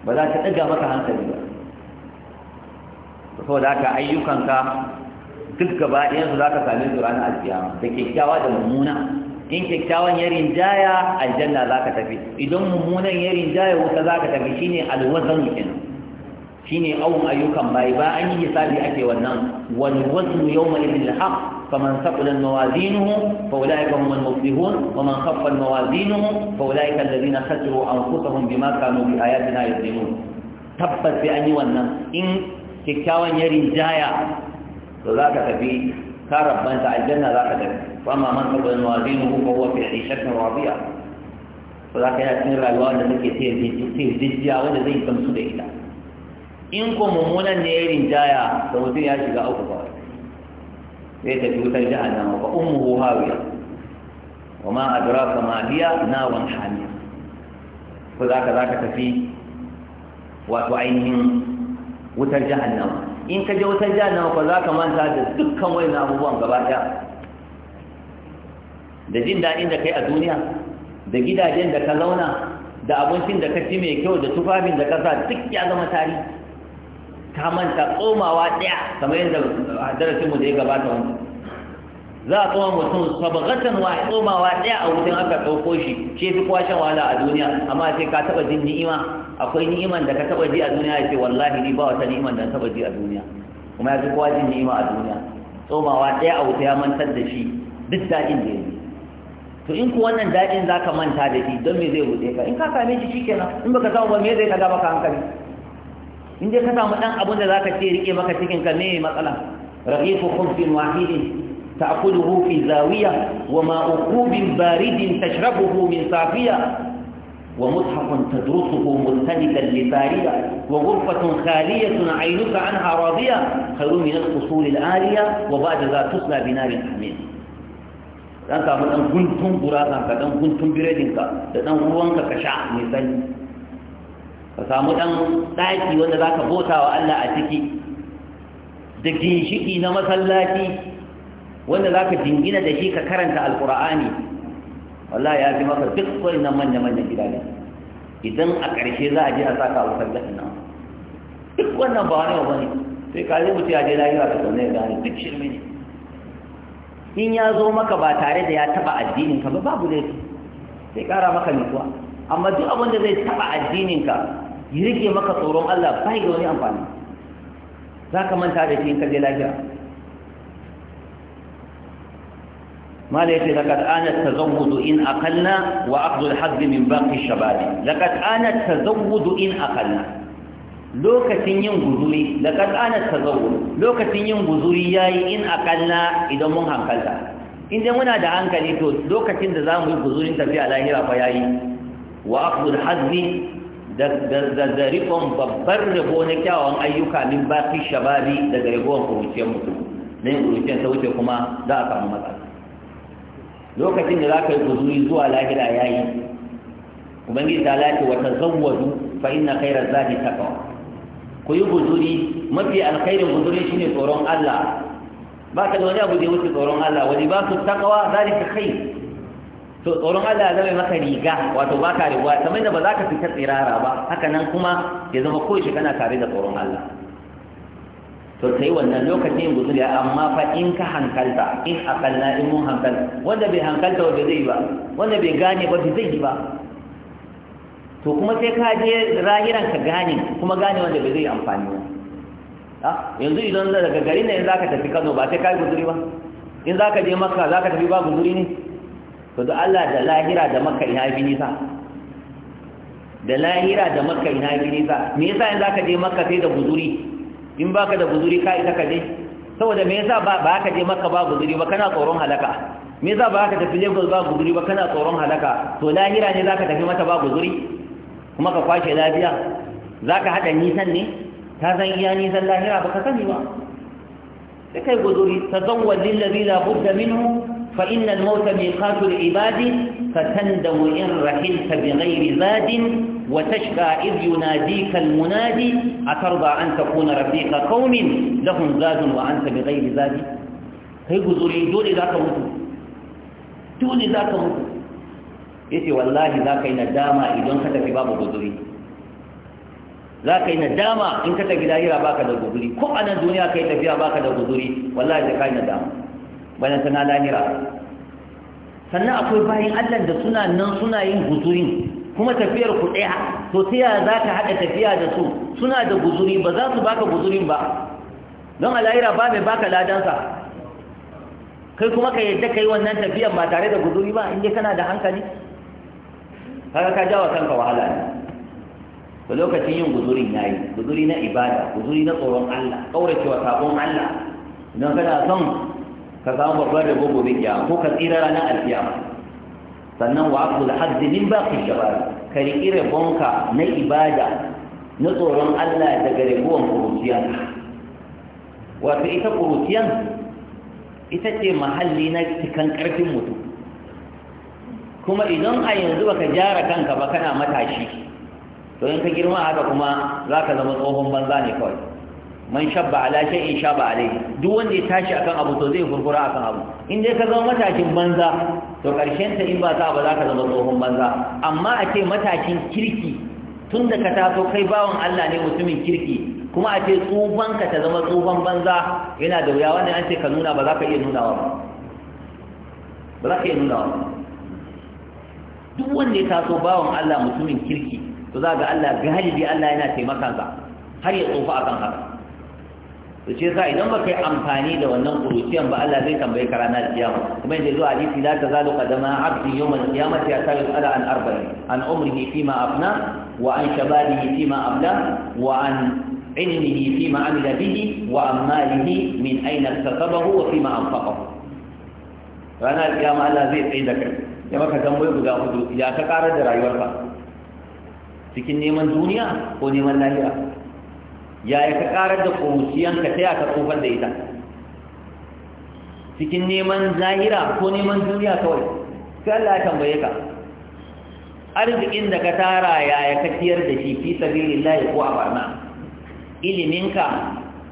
ba za ta ɗaga maka hankali ba saboda haka ayyukanka duk gaba ɗayansu za ka same su ranar da kyakkyawa da mummuna in kyakkyawan ya rinjaya aljanna za ka tafi idan mummunan ya wuta za ka tafi shine alwazan kenan shine awon ayyukan bai ba an yi hisabi ake wannan wal waznu yawma idin al-haq فمن ثقلت موازينه فاولئك هم المفلحون ومن خفت موازينه فاولئك الذين خسروا انفسهم بما كانوا باياتنا يظلمون tabbas sai an yi wannan in kyakkyawan ya rinjaya to za ka tafi ka rabbanta aljanna za ka tafi وأما من ثقلت موازينه فهو في عيشة راضية فذاك يا سن رأيوا أن تكي تهدجيا وأن زي تمسو إلى in ko mummunan ne irin jaya da mutum ya shiga uku ba tafi wutar jahannama ba ummuhu hawiya wa ma adraka ma hiya nawan hamiya ko zaka zaka tafi wato ainihin wutar jahannama in ka je wutar jahannama ko manta da dukkan wayannan abubuwan gaba da jin daɗin da kai a duniya da gidajen da ka zauna da abincin da ka ci mai kyau da tufafin da ka sa duk ya zama tarihi ka manta tsomawa ɗaya kamar yadda darasinmu da ya gabata wani za a tsoma mutum sabgatan wa tsomawa ɗaya a wutan aka ɗauko shi ce fi kwashen wahala a duniya amma sai ka taɓa jin ni'ima akwai ni'iman da ka taɓa ji a duniya ya ce wallahi ni ba wata ni'iman da taɓa ji a duniya kuma ya fi kowa jin ni'ima a duniya tsomawa ɗaya a wuta ya mantar da shi duk daɗin da ya to in ku wannan daɗin za ka manta da shi don me zai buɗe ka in ka same shi shi kenan in baka samu ba me zai ɗaga maka hankali in dai ka samu ɗan abin da za ka ce riƙe maka cikin ka meye matsala raƙifu kumfin wahidin ta'kuluhu fi zawiya wa ma'ukubin baridin tashrabuhu min safiya wa mudhakun tadrusuhu muntadikan li sariya wa ghurfatun khaliyatun ainuka anha radiya khairu min al-usul al-aliya wa ba'da za tusla bi narin amin zan samu ɗan guntun gurasan ka ɗan guntun birejinka, da ɗan ruwanka ka sha mai sanyi ka samu ɗan ɗaki wanda za ka bota wa Allah a ciki da ginshiki na masallaci wanda za ka jingina da shi ka karanta alkur'ani wallah ya fi maka duk wani na manya-manyan gidaje idan a ƙarshe za a je a saka a wutar gasin nan duk wannan ba wani wa wani sai ka zai mutu ya je lahira ka zaune ya gane duk shirme ne in ya zo maka ba tare da ya taba addinin ka ba babu laifi sai kara maka nutsuwa amma duk abin da zai taba addinin ka ya rike maka tsoron Allah bai da wani amfani za ka manta da shi in ka je lafiya ماذا يقول لقد آن التزود إن أقلنا وأخذ الحظ من باقي الشباب لقد آن التزود in أقلنا lokacin yin guzuri da ta tazawo lokacin yin guzuri ya yi in akalla idan mun hankalta in muna da hankali to lokacin da za mu yi guzurin tafiya lahira fa ya yi wa akhdul hazmi da rikon babbar rabo na kyawun ayyuka min baki shababi daga ragowar kuruciyar mutum na yin kuruciyar ta wuce kuma za a samu matsala lokacin da za ka yi guzuri zuwa lahira ya yi ubangiji ta lati wata zawwadu fa inna khairar zaɗi takawa ku yi guzuri mafi alkhairin guzuri shine tsoron Allah ba ka da wani abu da ya wuce tsoron Allah wani ba su takawa ka kai? to tsoron Allah ya zama maka riga wato baka riga kamar da ba za ka fita tsirara ba haka nan kuma ya zama koyaushe kana tare da tsoron Allah to sai wannan lokacin guzuri amma fa in ka hankalta in akalla in mun hankalta wanda bai hankalta ba zai ba wanda bai gane ba zai yi ba to kuma sai ka je rahiran ka gane kuma gane wanda bai zai amfani ba ah, yanzu idan daga garin nan za ka tafi kano ba sai ka yi guzuri ba in za ka je maka za ka tafi ba guzuri ne to da allah da lahira da maka ina bi nisa da lahira da maka ina bi nisa me yasa in za ka je maka sai da guzuri in baka da guzuri ka ita ka je saboda me yasa ba ka je maka ba guzuri ba kana tsoron halaka me yasa ba ka tafi lagos ba guzuri ba kana tsoron halaka to lahira ne za ka tafi mata ba guzuri kuma ka kwashe lafiya za ka haɗa nisan ne ta san iya nisan lahira ba ka sani ba sai kai guzuri ta zan wallin lazi la budda minhu fa inna al-mauta miqatu al-ibadi fatandamu in ta bi ghairi zadin wa tashqa id yunadika al-munadi atarda an takuna rafiqa qaumin lahum zadun wa anta bi ghairi zadi kai guzuri dole za ka mutu dole za ka mutu yace wallahi za ka yi nadama idan ka tafi babu guzuri za ka yi nadama in ka tafi lahira baka da guzuri ko a nan duniya ka yi tafiya baka da guzuri wallahi sai ka yi nadama bayan sana lahira sannan akwai bayan allah da suna nan suna yin guzuri kuma tafiyar ku ɗaya to ta yaya za ka haɗa tafiya da su suna da guzuri ba za su baka guzurin ba don a lahira ba mai baka ladansa kai kuma ka yadda ka yi wannan tafiyan ba tare da guzuri ba in dai kana da hankali kaga ka jawa kanka wahala ne to lokacin yin guzuri na yi guzuri na ibada guzuri na tsoron Allah kauracewa sabon Allah idan kana son ka samu babbar rabo gobe kiyama ko ka tsira ranar alkiyama sannan wa aqul hadd min baqi shabab ka riƙi rabonka na ibada na tsoron Allah daga rabuwan kuruciyan wato ita kuruciyan ita ce mahalli na cikin ƙarfin mutum kuma idan a yanzu ba ka gyara kanka ba kana matashi to in ka girma haka kuma za ka zama tsohon banza ne kawai man shabba ala shay in shabba alai duk wanda ya tashi akan abu to zai furfura akan abu in dai ka zama matashin banza to karshen ta in ba sa ba za ka zama tsohon banza amma a ce matashin kirki tun da ka taso kai bawan Allah ne mutumin kirki kuma a ce ka ta zama tsufan banza yana da wuya wannan an ce ka nuna ba za ka iya nunawa ba ba za ka iya nunawa ba duk wanda ya taso bawan Allah mutumin kirki to za ga Allah galibi Allah yana taimaka sa har ya tsofa akan haka to ce sa idan baka yi amfani da wannan kuruciyan ba Allah zai tambaye ka ranar kiyama kuma yadda zuwa hadisi la tazalu qadama abdin yawmal qiyamati hatta yus'ala an arba'in an umrihi ma afna wa an shababihi ma abla wa an ilmihi ma amila bihi wa an malihi min aina iktasabahu wa ma anfaqahu ranar kiyama Allah zai tsaye da kai ya maka tambayi guda hudu ya ta karar da rayuwarka cikin neman duniya ko neman lahira ya ta karar da kuruciyanka ta ya ka tsofar da ita cikin neman lahira ko neman duniya kawai sai Allah ya tambaye ka arzikin da ka tara ya ya ka tiyar da shi fi sabilillahi ko a barna iliminka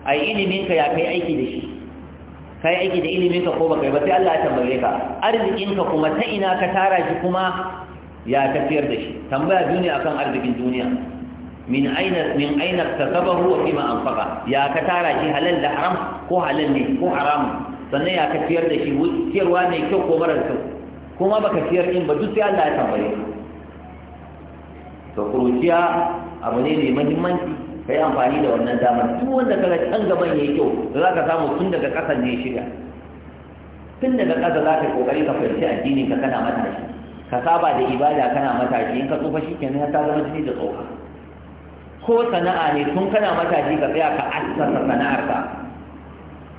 ai iliminka ya kai aiki da shi kai aiki da ilimin ka ko baka yi ba sai Allah ya tambaye ka arzikin ka kuma ta ina ka tara shi kuma ya tafiyar da shi tambaya duniya akan arzikin duniya min aina min aina tasabahu wa bima anfaqa ya ka tara shi halal da haram ko halal ne ko haram sannan ya ka tafiyar da shi ciyarwa ne kyau ko marar kyau kuma baka tafiyar din ba duk sai Allah ya tambaye ka to kuruciya abu ne mai muhimmanci ka yi amfani da wannan damar duk wanda kaga can gaban yayi kyau za ka samu tun daga ƙasan ne shiga tun daga ƙasa za ka ƙoƙari ka fahimci addini ka kana matashi ka saba da ibada kana matashi in ka tsufa shi kenan ta zama jini da tsoka ko sana'a ne tun kana matashi ka tsaya ka sana'ar sana'arka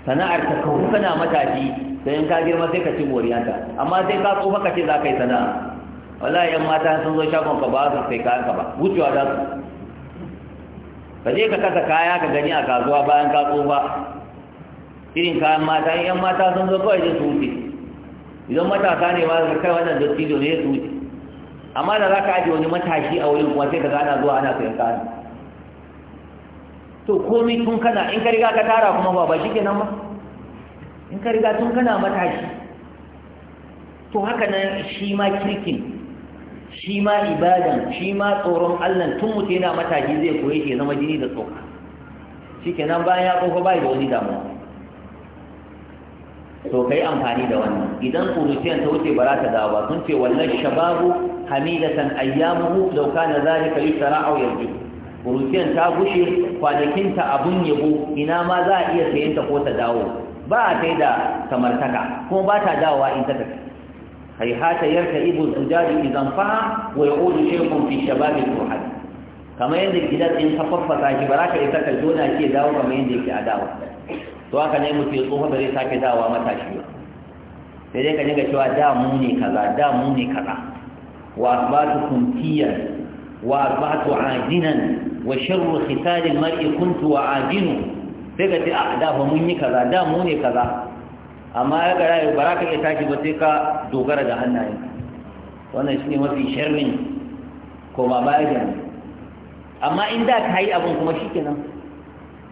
Sana'ar ka ko kana matashi sai in ka girma sai ka ci moriyanta amma sai ka tsufa ka ce za ka yi sana'a wallahi yan mata sun zo shagon ka ba su sai kayan ka ba wucewa za su ka je ka kasa kaya ka gani a kasuwa bayan ka tsofa irin kayan mata yan mata sun zo kawai zai su wuce idan matasa ne ba su kai wannan dattijo ne su wuce amma da za ka ajiye wani matashi a wurin kuma sai ka gana zuwa ana sayan kayan to komi tun kana in ka riga ka tara kuma ba ba shi kenan ba in ka riga tun kana matashi to haka nan shi ma kirkin shi ma ibadan shi ma tsoron Allah tun mutu yana mataki zai koye ke zama jini da tsoka shi nan bayan ya tsofa bai da wani damuwa to kai amfani da wannan idan kurusiyan ta wuce ba za ta dawo ba sun ce wannan shababu hamidatan ayyamuhu dauka kana zalika yusra aw yarju kurusiyan ta gushe kwanakin ta abun yabo ina ma za a iya sayen ta ko ta dawo ba a kai da samartaka kuma ba ta dawowa in ta tafi haihata yarkaibu zujaji idan faha wa yaudu shaykhun fi shababi ruhad kama yanda gidan din tafaffata shi baraka ita ka dona ke dawo kama yanda yake adawa to aka ne mutu tsofa bare sake dawa mata shi sai dai ka ga cewa da mu ne kaza da mu ne kaza wa asbatu kuntiyan wa asbatu ajinan wa sharru khitali mar'i kuntu wa ajinu sai ga ti a da mun yi kaza da mu ne kaza amma ya gara ya bara ka iya tashi ba sai ka dogara da hannayen wannan shi ne mafi sharrin ko ba baya da amma in da ka yi abin kuma shi kenan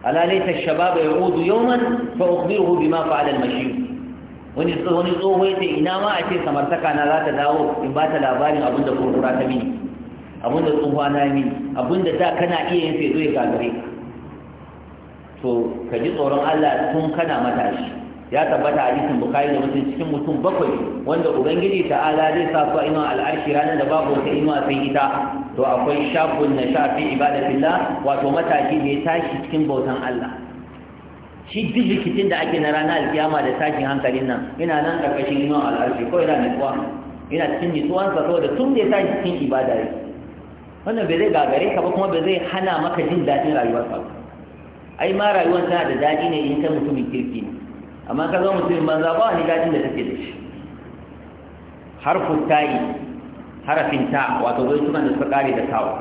ala laita shababa ya udu yawman fa ukhbiruhu ma fa al mashi wani tsohon tsohon ta ina ma a ce samartaka na za ta dawo in ba ta labarin abin da kurkura ta mini abin da tsohuwa na mini abin da da kana iya yin sai zo ya gagare ka to ka ji tsoron Allah tun kana matashi ya tabbata a jikin bukari da mutum cikin mutum bakwai wanda ubangiji ta'ala zai sa su a inuwa al'arshi ranar da babu wata inuwa sai ita to akwai shafin na shafi filla wato mataki da ya tashi cikin bautan Allah shi duk rikicin da ake na ranar alkiyama da tashin hankalin nan ina nan karkashin inuwa al'arshi ko ina nutsuwa ina cikin nutsuwansa saboda tun da ya tashi cikin ibada ne wannan bai zai gagare ka ba kuma bai zai hana maka jin daɗin rayuwarsa ba ai ma rayuwar tana da daɗi ne in ta mutumin kirki ne amma ka zama mutum banza ba ni daɗin da take da shi harfin ta'i harfin ta wato zai tuna da suka kare da tawo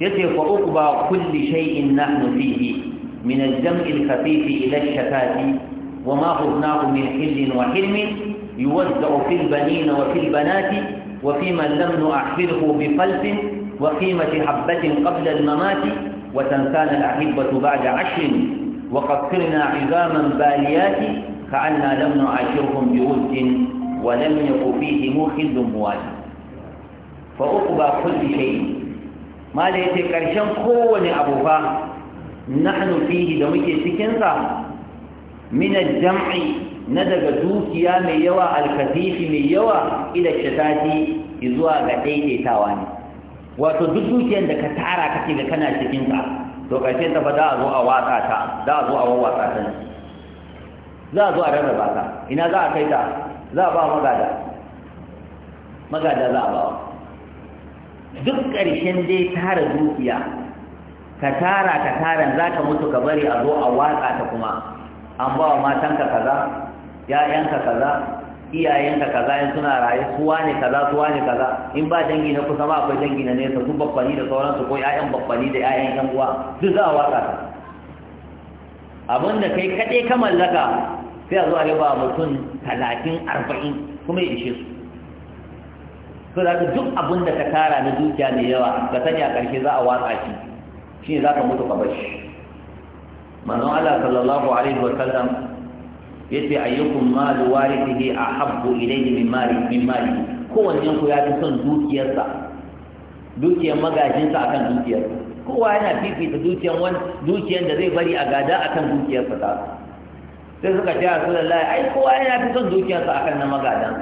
yace fa uku kulli shay'in nahnu fihi min al-jam'i al-khafif ila al-shatati wa ma khudnahu min hilin wa hilmin fi fi al-banin al wa يوزع wa fi وفي lam وفي bi لم wa qimati habatin qabla al-mamati وتنسان الأحبة بعد عشر وقد صرنا عظاما باليات كأننا لم نعاشرهم بود ولم يكن فيه مخل موالي فأقبى كل شيء ما ليس كرشان كون أبو فا نحن فيه دمك سكنسا من الجمع ندق دوكيا من يوى الكثيف من يوى إلى الشتات إذوى غتيت تاواني وتدوكيا عندك تعرى كثيرا كنا سكنسا to sai ta fa za zo a watsa ta za zo a wawwatsa ta ne za a zo a rarraba ta ina za a kai ta za a ba magada magada za a ba duk ƙarshen dai tara dukiya ka tara ka tara za ka mutu ka bari a zo a watsa ta kuma an ba wa matanka kaza ya'yanka kaza iyayenka kaza in suna raye suwa ne kaza suwa ne kaza in ba dangi na kusa ma akwai dangi na nesa su babbani da sauransu ko ƴaƴan babbani da ƴaƴan ƴan uwa duk za a watsa ta abin da kai kaɗai ka mallaka sai a zuwa a ba mutum talatin arba'in kuma ya ishe su so da duk abin da ka tara na dukiya mai yawa ka sani a ƙarshe za a watsa shi shi ne za ka mutu ka bar shi manzon Allah sallallahu alaihi wa sallam yace ayyukum malu warithihi ahabbu ilayhi min mali min mali kowanne ku ya fi son dukiyarsa dukiyar magajinsa akan dukiyar kowa yana fifita dukiyar wani dukiyar da zai bari a gada akan dukiyarsa ta sai suka ce sallallahu ai kowa yana fi son dukiyarsa akan na magadan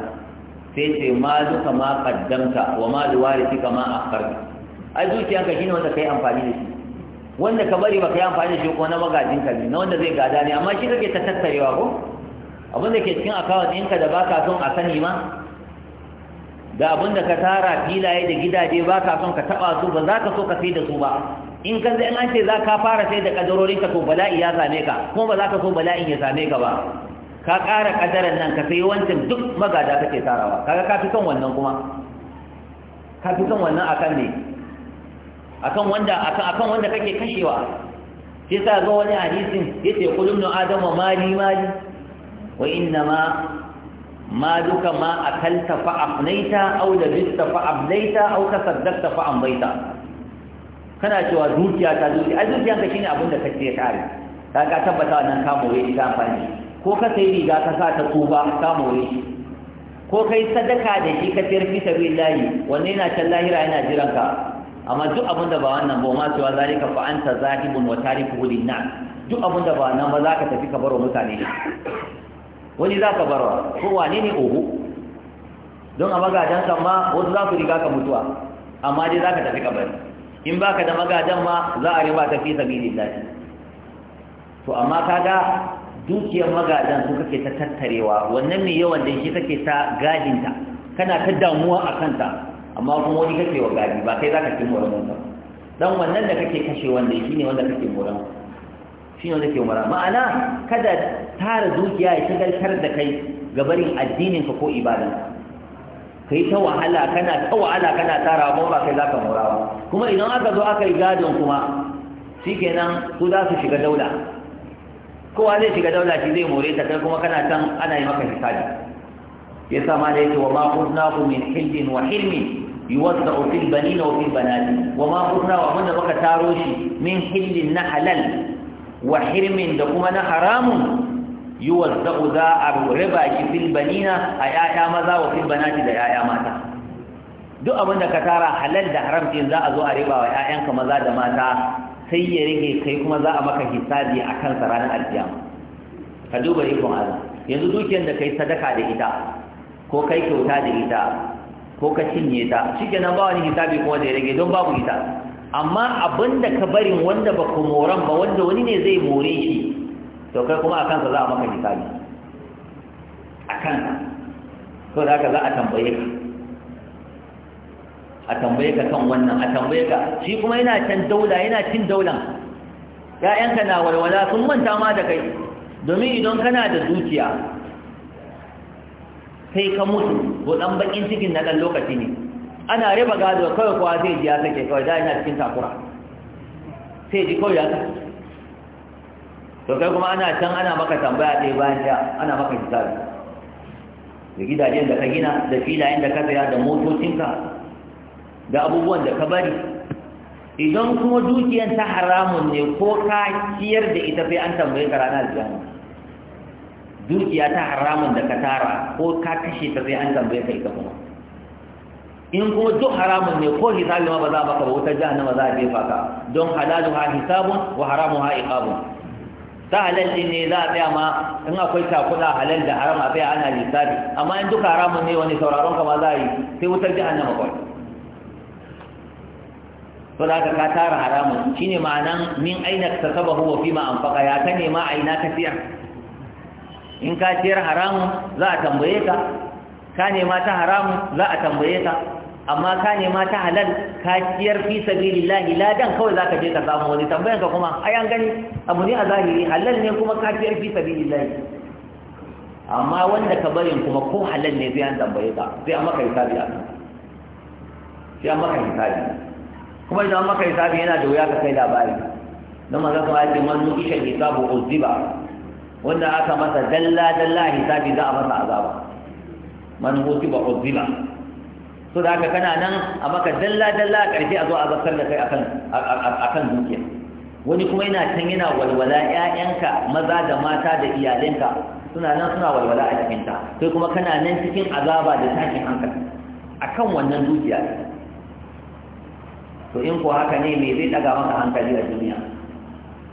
sai ce malu kama kaddamta wa malu warithika ma akhar ai dukiyar ka shine wanda kai amfani da shi wanda ka bari baka yi amfani da shi ko na magajinka ne na wanda zai gada ne amma shi kake ta tattarewa ko abin da ke cikin akawun ɗinka da ba ka son a sani ma da abin da ka tara filaye da gidaje ba ka son ka taɓa su ba za ka so ka sai da su ba in kan zai an ce za ka fara sai da ƙadarorinka to bala'i ya same ka kuma ba za ka so bala'in ya same ka ba ka ƙara ƙadaran nan ka sai wancan duk magada kake tarawa kaga ka fi son wannan kuma ka fi son wannan akan ne akan wanda akan akan wanda kake kashewa sai sa ga wani hadisin yace kullum ibn Adamu mali mali wa innama ma duka ma akalta fa afnaita aw labista fa ablaita aw fa ambaita kana cewa dukiya ta dukiya ai dukiya ka shine abin da kake tare ka ka tabbata wannan ka more ita amfani ko ka sai riga ka sa ta tuba ka more ko kai sadaka da shi ka tayar fi sabilillahi wannan yana can lahira yana jiran ka amma duk abin da ba wannan ba ma cewa zalika fa anta zahibun wa tarikuhu lin-nas duk abin da ba nan ba za ka tafi ka baro mutane wani za ka barwa ko wane ne oho don a magajan kan ma wasu za su riga ka mutuwa amma dai za ka tafi bari. in ba ka da magajan ma za a riba ta fi sabi lillahi to amma kaga dukiyar magajan su kake ta tattarewa wannan mai yawan da shi kake ta gadinta kana ta damuwa a kanta amma kuma wani kake wa gadi ba kai za ka ci moran wannan dan wannan da kake kashe wanda shi ne wanda kake moran shi ne wanda ke umara ma'ana kada tara dukiya ya shagaltar da kai ga barin addininka ko ibadanka kai ta wahala kana ta wahala kana tara amma ba kai zaka murawa kuma idan aka zo aka yi gadon kuma shikenan su za su shiga daula kowa zai shiga daula shi zai more ta kai kuma kana can ana yi maka hisabi yasa ma da yake wa ma ku min hildin wa hilmin يوزع في البنين وفي البنات وما قلنا ومن بك min من na halal. wa hirmin da kuma na haramun Yi za'u za a riba shi fil a yaya maza wa fil da yaya mata duk abin da ka tara halal da haram za a zo a riba wa yayanka maza da mata sai ya rage kai kuma za a maka hisabi a kan tsaranin alkiyama ka duba ikon ala. yanzu dukiyar da kai sadaka da ita ko kai kyauta da ita ko ka cinye ta shikenan ba wani hisabi kuma da ya rage don babu ita amma abin da ka barin wanda ba ku moran ba wanda wani ne zai more shi to kai kuma a kansa za a maka misali a kansa to da haka za a tambaye ka a tambaye ka kan wannan a tambaye ka shi kuma yana can daula yana cin daulan Ya'yanka na walwala sun manta ma da kai domin idan kana da zuciya sai ka mutu ko dan bakin cikin na dan lokaci ne ana raba gado kawai kuwa zai ji ya sake kawai da yana cikin takura sai ji kawai ya sake to kai kuma ana can ana maka tambaya ɗaya bayan ɗaya ana maka hisabi da gidajen da ka gina da filayen da ka saya da motocinka da abubuwan da ka bari idan kuma dukiyan ta haramun ne ko ka ciyar da ita sai an tambaye ka ranar jihar dukiya ta haramun da ka tara ko ka kashe ta sai an tambaye ka ita kuma in kuma duk haramun ne ko hisabi ma ba za baka ba wutar nama za a jefa ka don halalu ha hisabun wa haramu ha iqabun ta halal din ne za a tsaya ma in akwai takula halal da haram a tsaya ana lissafi amma in duka haramun ne wani sauraron ka ma za a yi sai wutar jihar nama kawai to da ka tara haramun shine ma'anan min aina tasabahu wa fima anfaqa ya ta nema aina ka siya in ka ciyar haramun za a tambaye ka ka nema ta haramun za a tambaye ka amma ka nema ta halal ka ciyar fi sabilillahi dan kawai zaka je ka samu wani tambayan ka kuma ai an gani abu ne a zahiri halal ne kuma ka ciyar fi sabilillahi amma wanda ka barin kuma ko halal ne zai an tambaye ka sai an maka hisabi a kan sai an maka hisabi kuma idan an maka hisabi yana da wuya ka kai labari don maza kuma ya ce man nuqisha hisabu uziba wanda aka masa dalla dalla hisabi za a masa azaba man ba uziba so da haka kana nan a maka dalla dalla a ƙarfi a zo a zartar da kai a kan dukiya wani kuma yana can yana walwala 'ya'yanka maza da mata da iyalinka suna nan suna walwala a cikinta. sai kai kuma kana nan cikin azaba da tashin hankali a kan wannan dukiya to in ko haka ne me zai daga maka hankali a duniya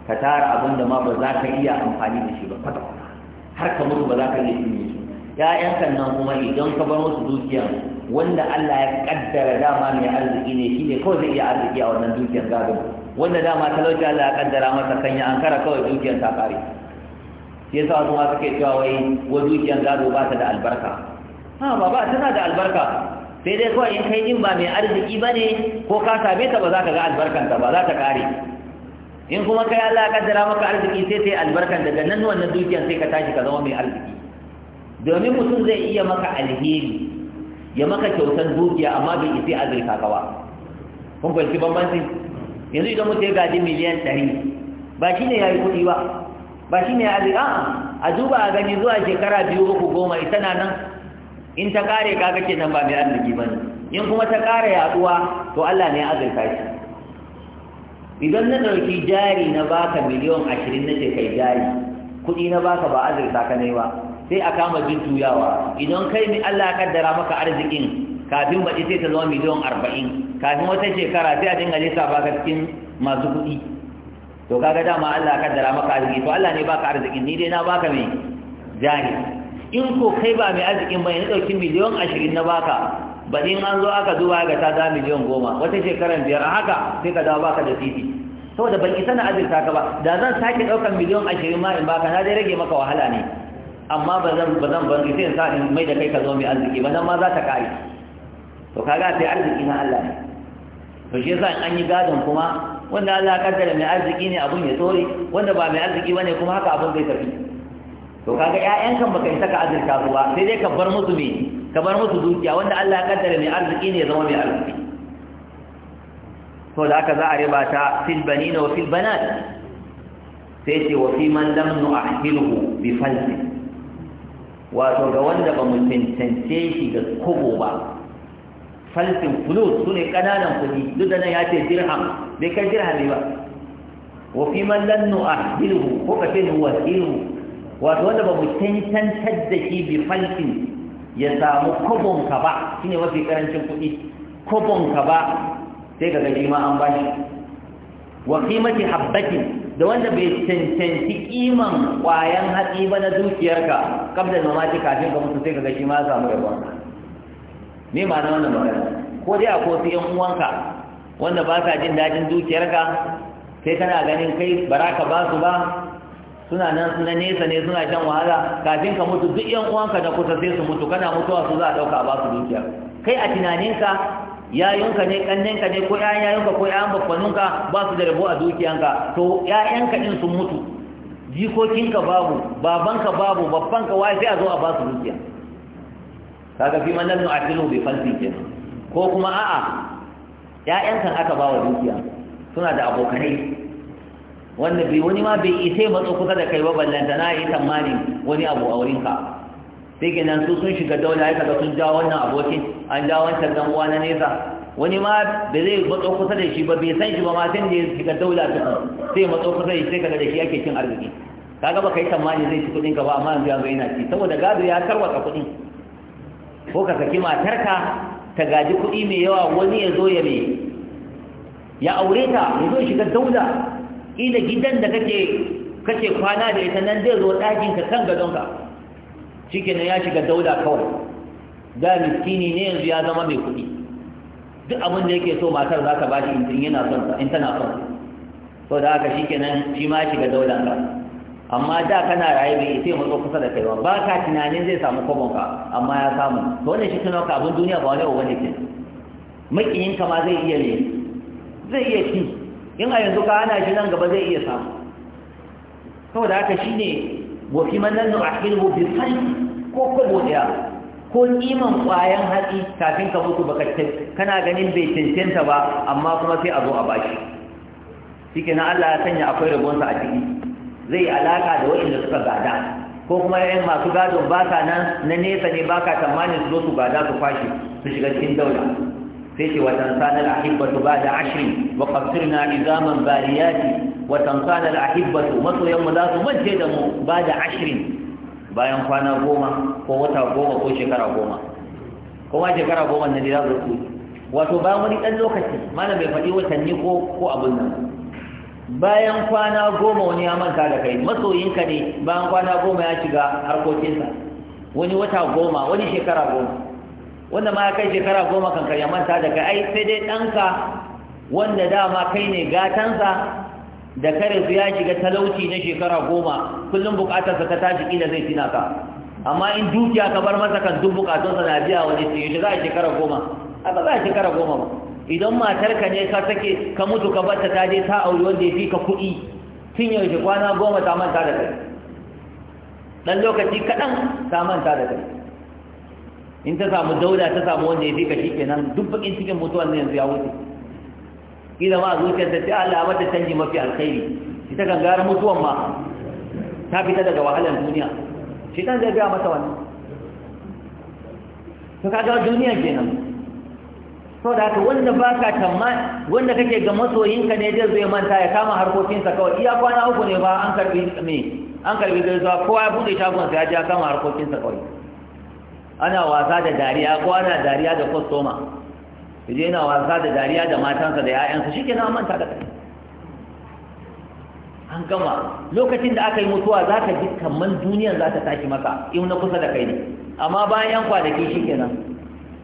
ka tara abin da ma ba za ka iya amfani da shi ba kwata har ka mutu ba za ka iya cinye shi ƴaƴanka nan kuma idan ka bar musu dukiya wanda Allah ya kaddara dama mai arziki ne shi ne kawai zai iya arziki a wannan dukiyar gadon wanda dama talauci Allah ya kaddara masa kanya an kara kawai dukiyar ta kare shi yasa wasu ma suke cewa wai wa dukiyar gado ba ta da albarka ha ba ba tana da albarka sai dai kawai in kai din ba mai arziki ba ne ko ka same ta ba za ka ga albarkanta ba za ta kare in kuma kai Allah ya kaddara maka arziki sai ta yi albarkan daga nan wannan dukiyar sai ka tashi ka zama mai arziki domin mutum zai iya maka alheri ya maka kyautan dukiya amma bai isi azurka kawa. ba kun fahimci bambanci yanzu idan mutum ya gaji miliyan ɗari ba shi ne ya yi kuɗi ba ba shi ne ya A'a, a duba a gani zuwa shekara biyu uku goma ita na nan in ta kare kaga nan ba mai arziki ba ne in kuma ta kare yaduwa to Allah ne ya azurka shi idan na ɗauki jari na baka miliyon ashirin na ce kai jari kuɗi na baka ba azurka ka ne ba sai a kama tuyawa idan kai ne Allah ya kaddara maka arzikin kafin baɗi sai ta zama miliyan arba'in kafin wata shekara sai a dinga ba ka cikin masu kuɗi to kaga dama Allah ya kaddara maka arziki to Allah ne baka arzikin ni dai na baka mai jani in ko kai ba mai arzikin ba ne ɗauki miliyan ashirin na baka baɗin an zo aka zuba ga ta za miliyan goma wata shekaran biyar a haka sai ka dawo baka da titi saboda ban isa na azirta ka ba da zan sake ɗaukar miliyan ashirin ma in baka na dai rage maka wahala ne amma ba zan ba zan ban sai sa in mai da kai ka zo mai arziki ba nan ma za ta kare to kaga sai arziki na Allah ne to shi yasa an yi gadon kuma wanda Allah ya kaddara mai arziki ne abun ya tsore wanda ba mai arziki bane kuma haka abun zai tafi to kaga ƴaƴan kan baka isa ka azurta su ba sai dai ka bar musu me ka bar musu dukiya wanda Allah ya kaddara mai arziki ne ya zama mai arziki to da haka za a riba ta fil banina wa fil banat sai ce wa fi man lam nu'ahhiluhu bi falsi wato ga wanda ba mu shi da kobo ba falsin fulus su ne ƙananan kuɗi duk da nan ya ce dirham bai kai dirhami ba wa fi man lan nu'ahdiru ko ka ce nuwahiru wato wanda ba mu tantantar da shi bi falsin ya samu kobon ka ba shine mafi karancin kuɗi kobon ka ba sai ka ga ma an bashi wa qimati habbatin da wanda bai cancanci kiman kwayan hatsi ba na dukiyarka kabda mamaki kafin ka mutu sai ka ga shi ma samu yabo ne ma na wannan magana ko dai akwai su yan uwanka wanda ba sa jin dadin dukiyarka sai kana ganin kai baraka ba su ba suna nan suna nesa ne suna shan wahala kafin ka mutu duk yan uwanka na kusa sai su mutu kana mutuwa su za a dauka ba su dukiya kai a tunaninka yayinka ne kanninka ne ko ya'yan yayinka ko ya'yan bakwaninka ba su da rabo a dukiyanka to ya'yanka din sun mutu jikokinka babu babanka babu babbanka wai sai a zo a ba su dukiya kaga fi manan nu atilu bi falsi ke ko kuma a'a ƴaƴanka aka ba wa dukiya suna da abokanai wanda bai wani ma bai isa ba kusa da kai ba ballanta na yi tsammanin wani abu a wurinka sai nan su sun shiga daula ya kaga sun jawo wannan abokin an jawo wancan dan uwa na nesa wani ma da zai matso kusa da shi ba bai san shi ba ma sai da ya shiga daula ta sai matso kusa da shi sai kaga da shi yake cin arziki kaga ba kai tsammani zai ci kudin ka ba amma yanzu yanzu yana ci saboda gado ya ka kudin ko ka saki matarka ta gaji kudi mai yawa wani ya zo ya me ya aure ta ya zo shiga daula ila gidan da kake kake kwana da ita nan zai zo dakin ka kan gadon ka. ne ya shiga dauda kawai da miskini ne yanzu ya zama mai kuɗi duk abin da yake so matar za ta ba shi in yana son sa in tana son so da haka shikenan shi ma shiga dauda ka. amma da kana raye bai sai matso kusa da kai ba ka tunanin zai samu kwamon ka amma ya samu to wannan shi tunawa abin duniya ba wani abu wani ke makiyin ka ma zai iya ne zai iya ci in a yanzu ka ana shi nan gaba zai iya samu saboda haka shi ne wafi ake da bi fani ko kwabo daya ko iman kwayan hatsi kafin ka mutu baka kana ganin bai cancanta ba amma kuma sai a zo a bashi na Allah ya sanya akwai rabonsa a ciki zai yi alaka da waɗanda suka gada ko kuma yayin masu gadon ba sa nan na nesa ne baka tsammanin su zo su gada su kwashe su shiga cikin daula sai ce watan sanar ahibbatu ba da ashirin wa kafirna izaman bariyati watan sanar ahibbatu masoyanmu za su mace da mu ba da ashirin bayan kwana goma ko wata goma ko shekara goma kuma shekara goma na da su wato bayan wani dan lokaci malam bai faɗi watanni ko ko abin nan bayan kwana goma wani ya manta da kai masoyinka ne bayan kwana goma ya shiga harkokinsa wani wata goma wani shekara goma wanda ma ya kai shekara goma kan karya manta da ka ai sai dai ɗanka wanda dama kai ne gatansa da kare su ya shiga talauci na shekara goma kullum bukatarsa ta tashi ƙila zai tina ka amma in dukiya ka bar masa kan duk bukatunsa na biya wani su yi za a shekara goma a ba za a shekara goma ba idan matarka ne ka sake ka mutu ka bar ta je ta auri wanda ya fi ka kuɗi tun yaushe kwana goma ta manta da kai ɗan lokaci kaɗan ta manta da kai in ta samu dauda ta samu wanda ya fika ka shi kenan duk bakin cikin ne yanzu ya wuce kila ma zuciyar ta ce Allah mata canji mafi alkhairi ita kan gara mutuwan ma ta fita daga wahalar duniya shi dan zai ga mata wannan to kaga duniya kenan sau da haka wanda baka tamma wanda kake ga masoyinka ne zai zai manta ya kama harkokinsa kawai iya kwana uku ne ba an karbi me an karbi gaisuwa kowa ya buɗe sai ya ji ya kama harkokinsa kawai ana wasa da dariya ko ana dariya da kwastoma yaje yana wasa da dariya da matansa da 'ya'yansa shi kenan manta da kai an gama lokacin da aka yi mutuwa za ka ji kamar duniyar za ta tashi maka in na kusa da kai ne amma bayan yan kwanaki shi kenan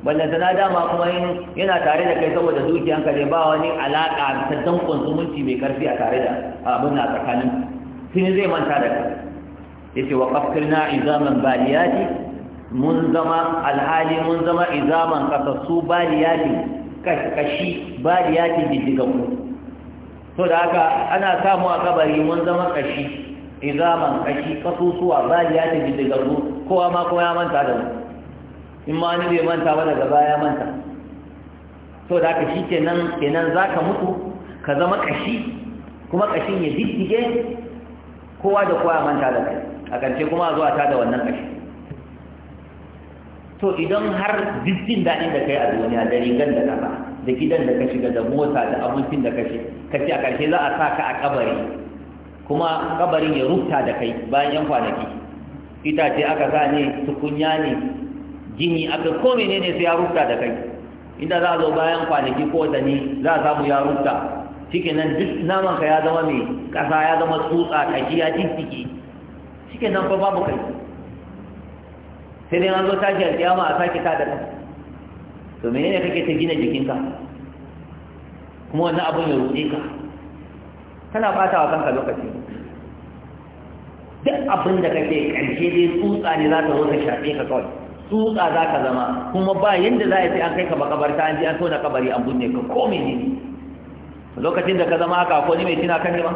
ballantana dama kuma yana tare da kai saboda dukiyanka ne ba wani alaƙa ta dankon zumunci mai ƙarfi a tare da abin na tsakanin tuni zai manta da kai yace wa qafkirna izaman baliyati mun zama alhali mun zama izaman kasassu baliyatin kashi jijjiga ku to da haka ana samu a kabari mun zama kashi izaman kashi kasusuwa jijjiga ku kowa ma kowa ya manta da mu in ma wani bai manta ba daga baya manta to da haka shi kenan kenan ka mutu ka zama kashi kuma kashin ya diddige kowa da kowa ya manta da kai a ƙarshe kuma zuwa ta da wannan kashi to idan har duk jin daɗin da kai a duniya da rigar da kasa da gidan da ka shiga da mota da abincin da ka kace a ƙarshe za a sa ka a kabari kuma kabarin ya rufta da kai bayan yan kwanaki itace aka sa ne tukunya ne jini aka ko menene sai ya rufta da kai inda za a zo bayan kwanaki ko watanni za a samu ya rufta nan duk naman ka ya zama mai ƙasa ya zama tsutsa kaki ya cicciki nan fa babu kai sai dai an zo tashi alƙiyama a sake ta da kai to menene kake ta gina jikinka kuma wannan abun ya ruɗe ka kana bata wa kanka lokaci duk abin da kake ƙarshe dai tsutsa ne za ta zo ta shafe ka kawai tsutsa za ka zama kuma ba yadda za a sai an kai ka makabarta an ji an so na kabari an bunne ka ko menene lokacin da ka zama haka ko ni mai tuna kan ne ba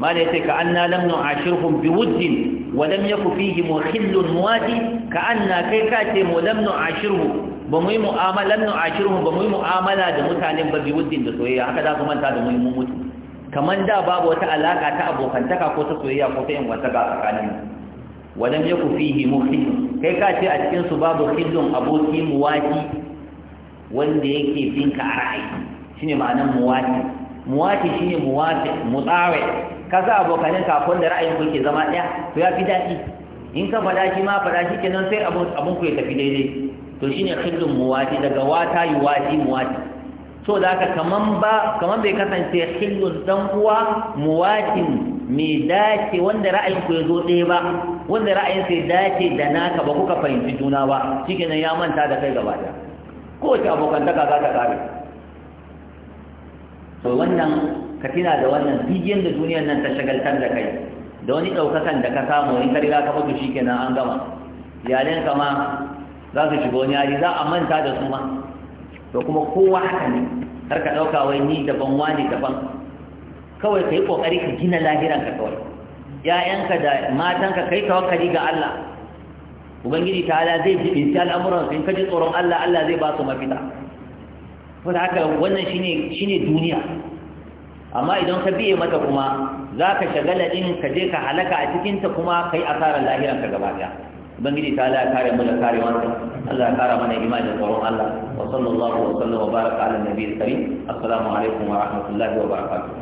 mana yace ka anna lam nu'ashirhum biwuddin wa lam yakun fihi mukhillun muwadi ka anna kai ka ce mu lam nu'ashirhu ba mu yi mu'amala lam nu'ashirhum ba mu mu'amala da mutanen ba biwuddin da soyayya haka za ku manta da mu mutu kaman da babu wata alaka ta abokantaka ko ta soyayya ko ta yin wata ga tsakanin mu wa lam yakun fihi mukhillun kai ka ce a cikin su babu khillun aboki muwadi wanda yake bin ka a ra'ayi shine ma'anar muwadi muwati shine muwati mutsawai ka sa abokanin kafin da ra'ayin ku ke zama ɗaya to ya fi daɗi in ka faɗa shi ma faɗa shi kenan sai abun ku ya tafi daidai to shi shine mu muwati daga wata yuwati muwati so da haka kaman ba kaman bai kasance khillun dan uwa muwatin mai dace wanda ra'ayin ku ya zo ɗaya ba wanda ra'ayin sai dace da naka ba kuka fahimci juna ba kenan ya manta da kai gaba ɗaya kowace abokantaka za ta kare to wannan ka tina da wannan bidiyon da duniyar nan ta shagaltar da kai da wani ɗaukakan da ka samu in ka riga ka mutu shikenan an gama yaren ma za su shiga wani hali za a manta da su ma to kuma kowa haka ne har ka ɗauka wai ni daban wani daban kawai ka yi ƙoƙari ka gina lahiranka kawai ‘ya'yanka da matanka kai tawakkali ga Allah ubangiji ta ala zai jibinci al'amuransu in kaji tsoron Allah Allah zai ba su mafita wadda haka wannan shine duniya amma idan ka biye mata kuma za ka shagala ɗin ka je ka halaka a cikinta kuma ka yi asarar lahiran ka gaba ɗaya ubangiji ta ala kare mu da karewansa Allah ya kara mana imani da tsaron Allah wa sallallahu wa sallam wa baraka ala nabi karim assalamu alaikum wa rahmatullahi wa barakatuh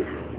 Thank you.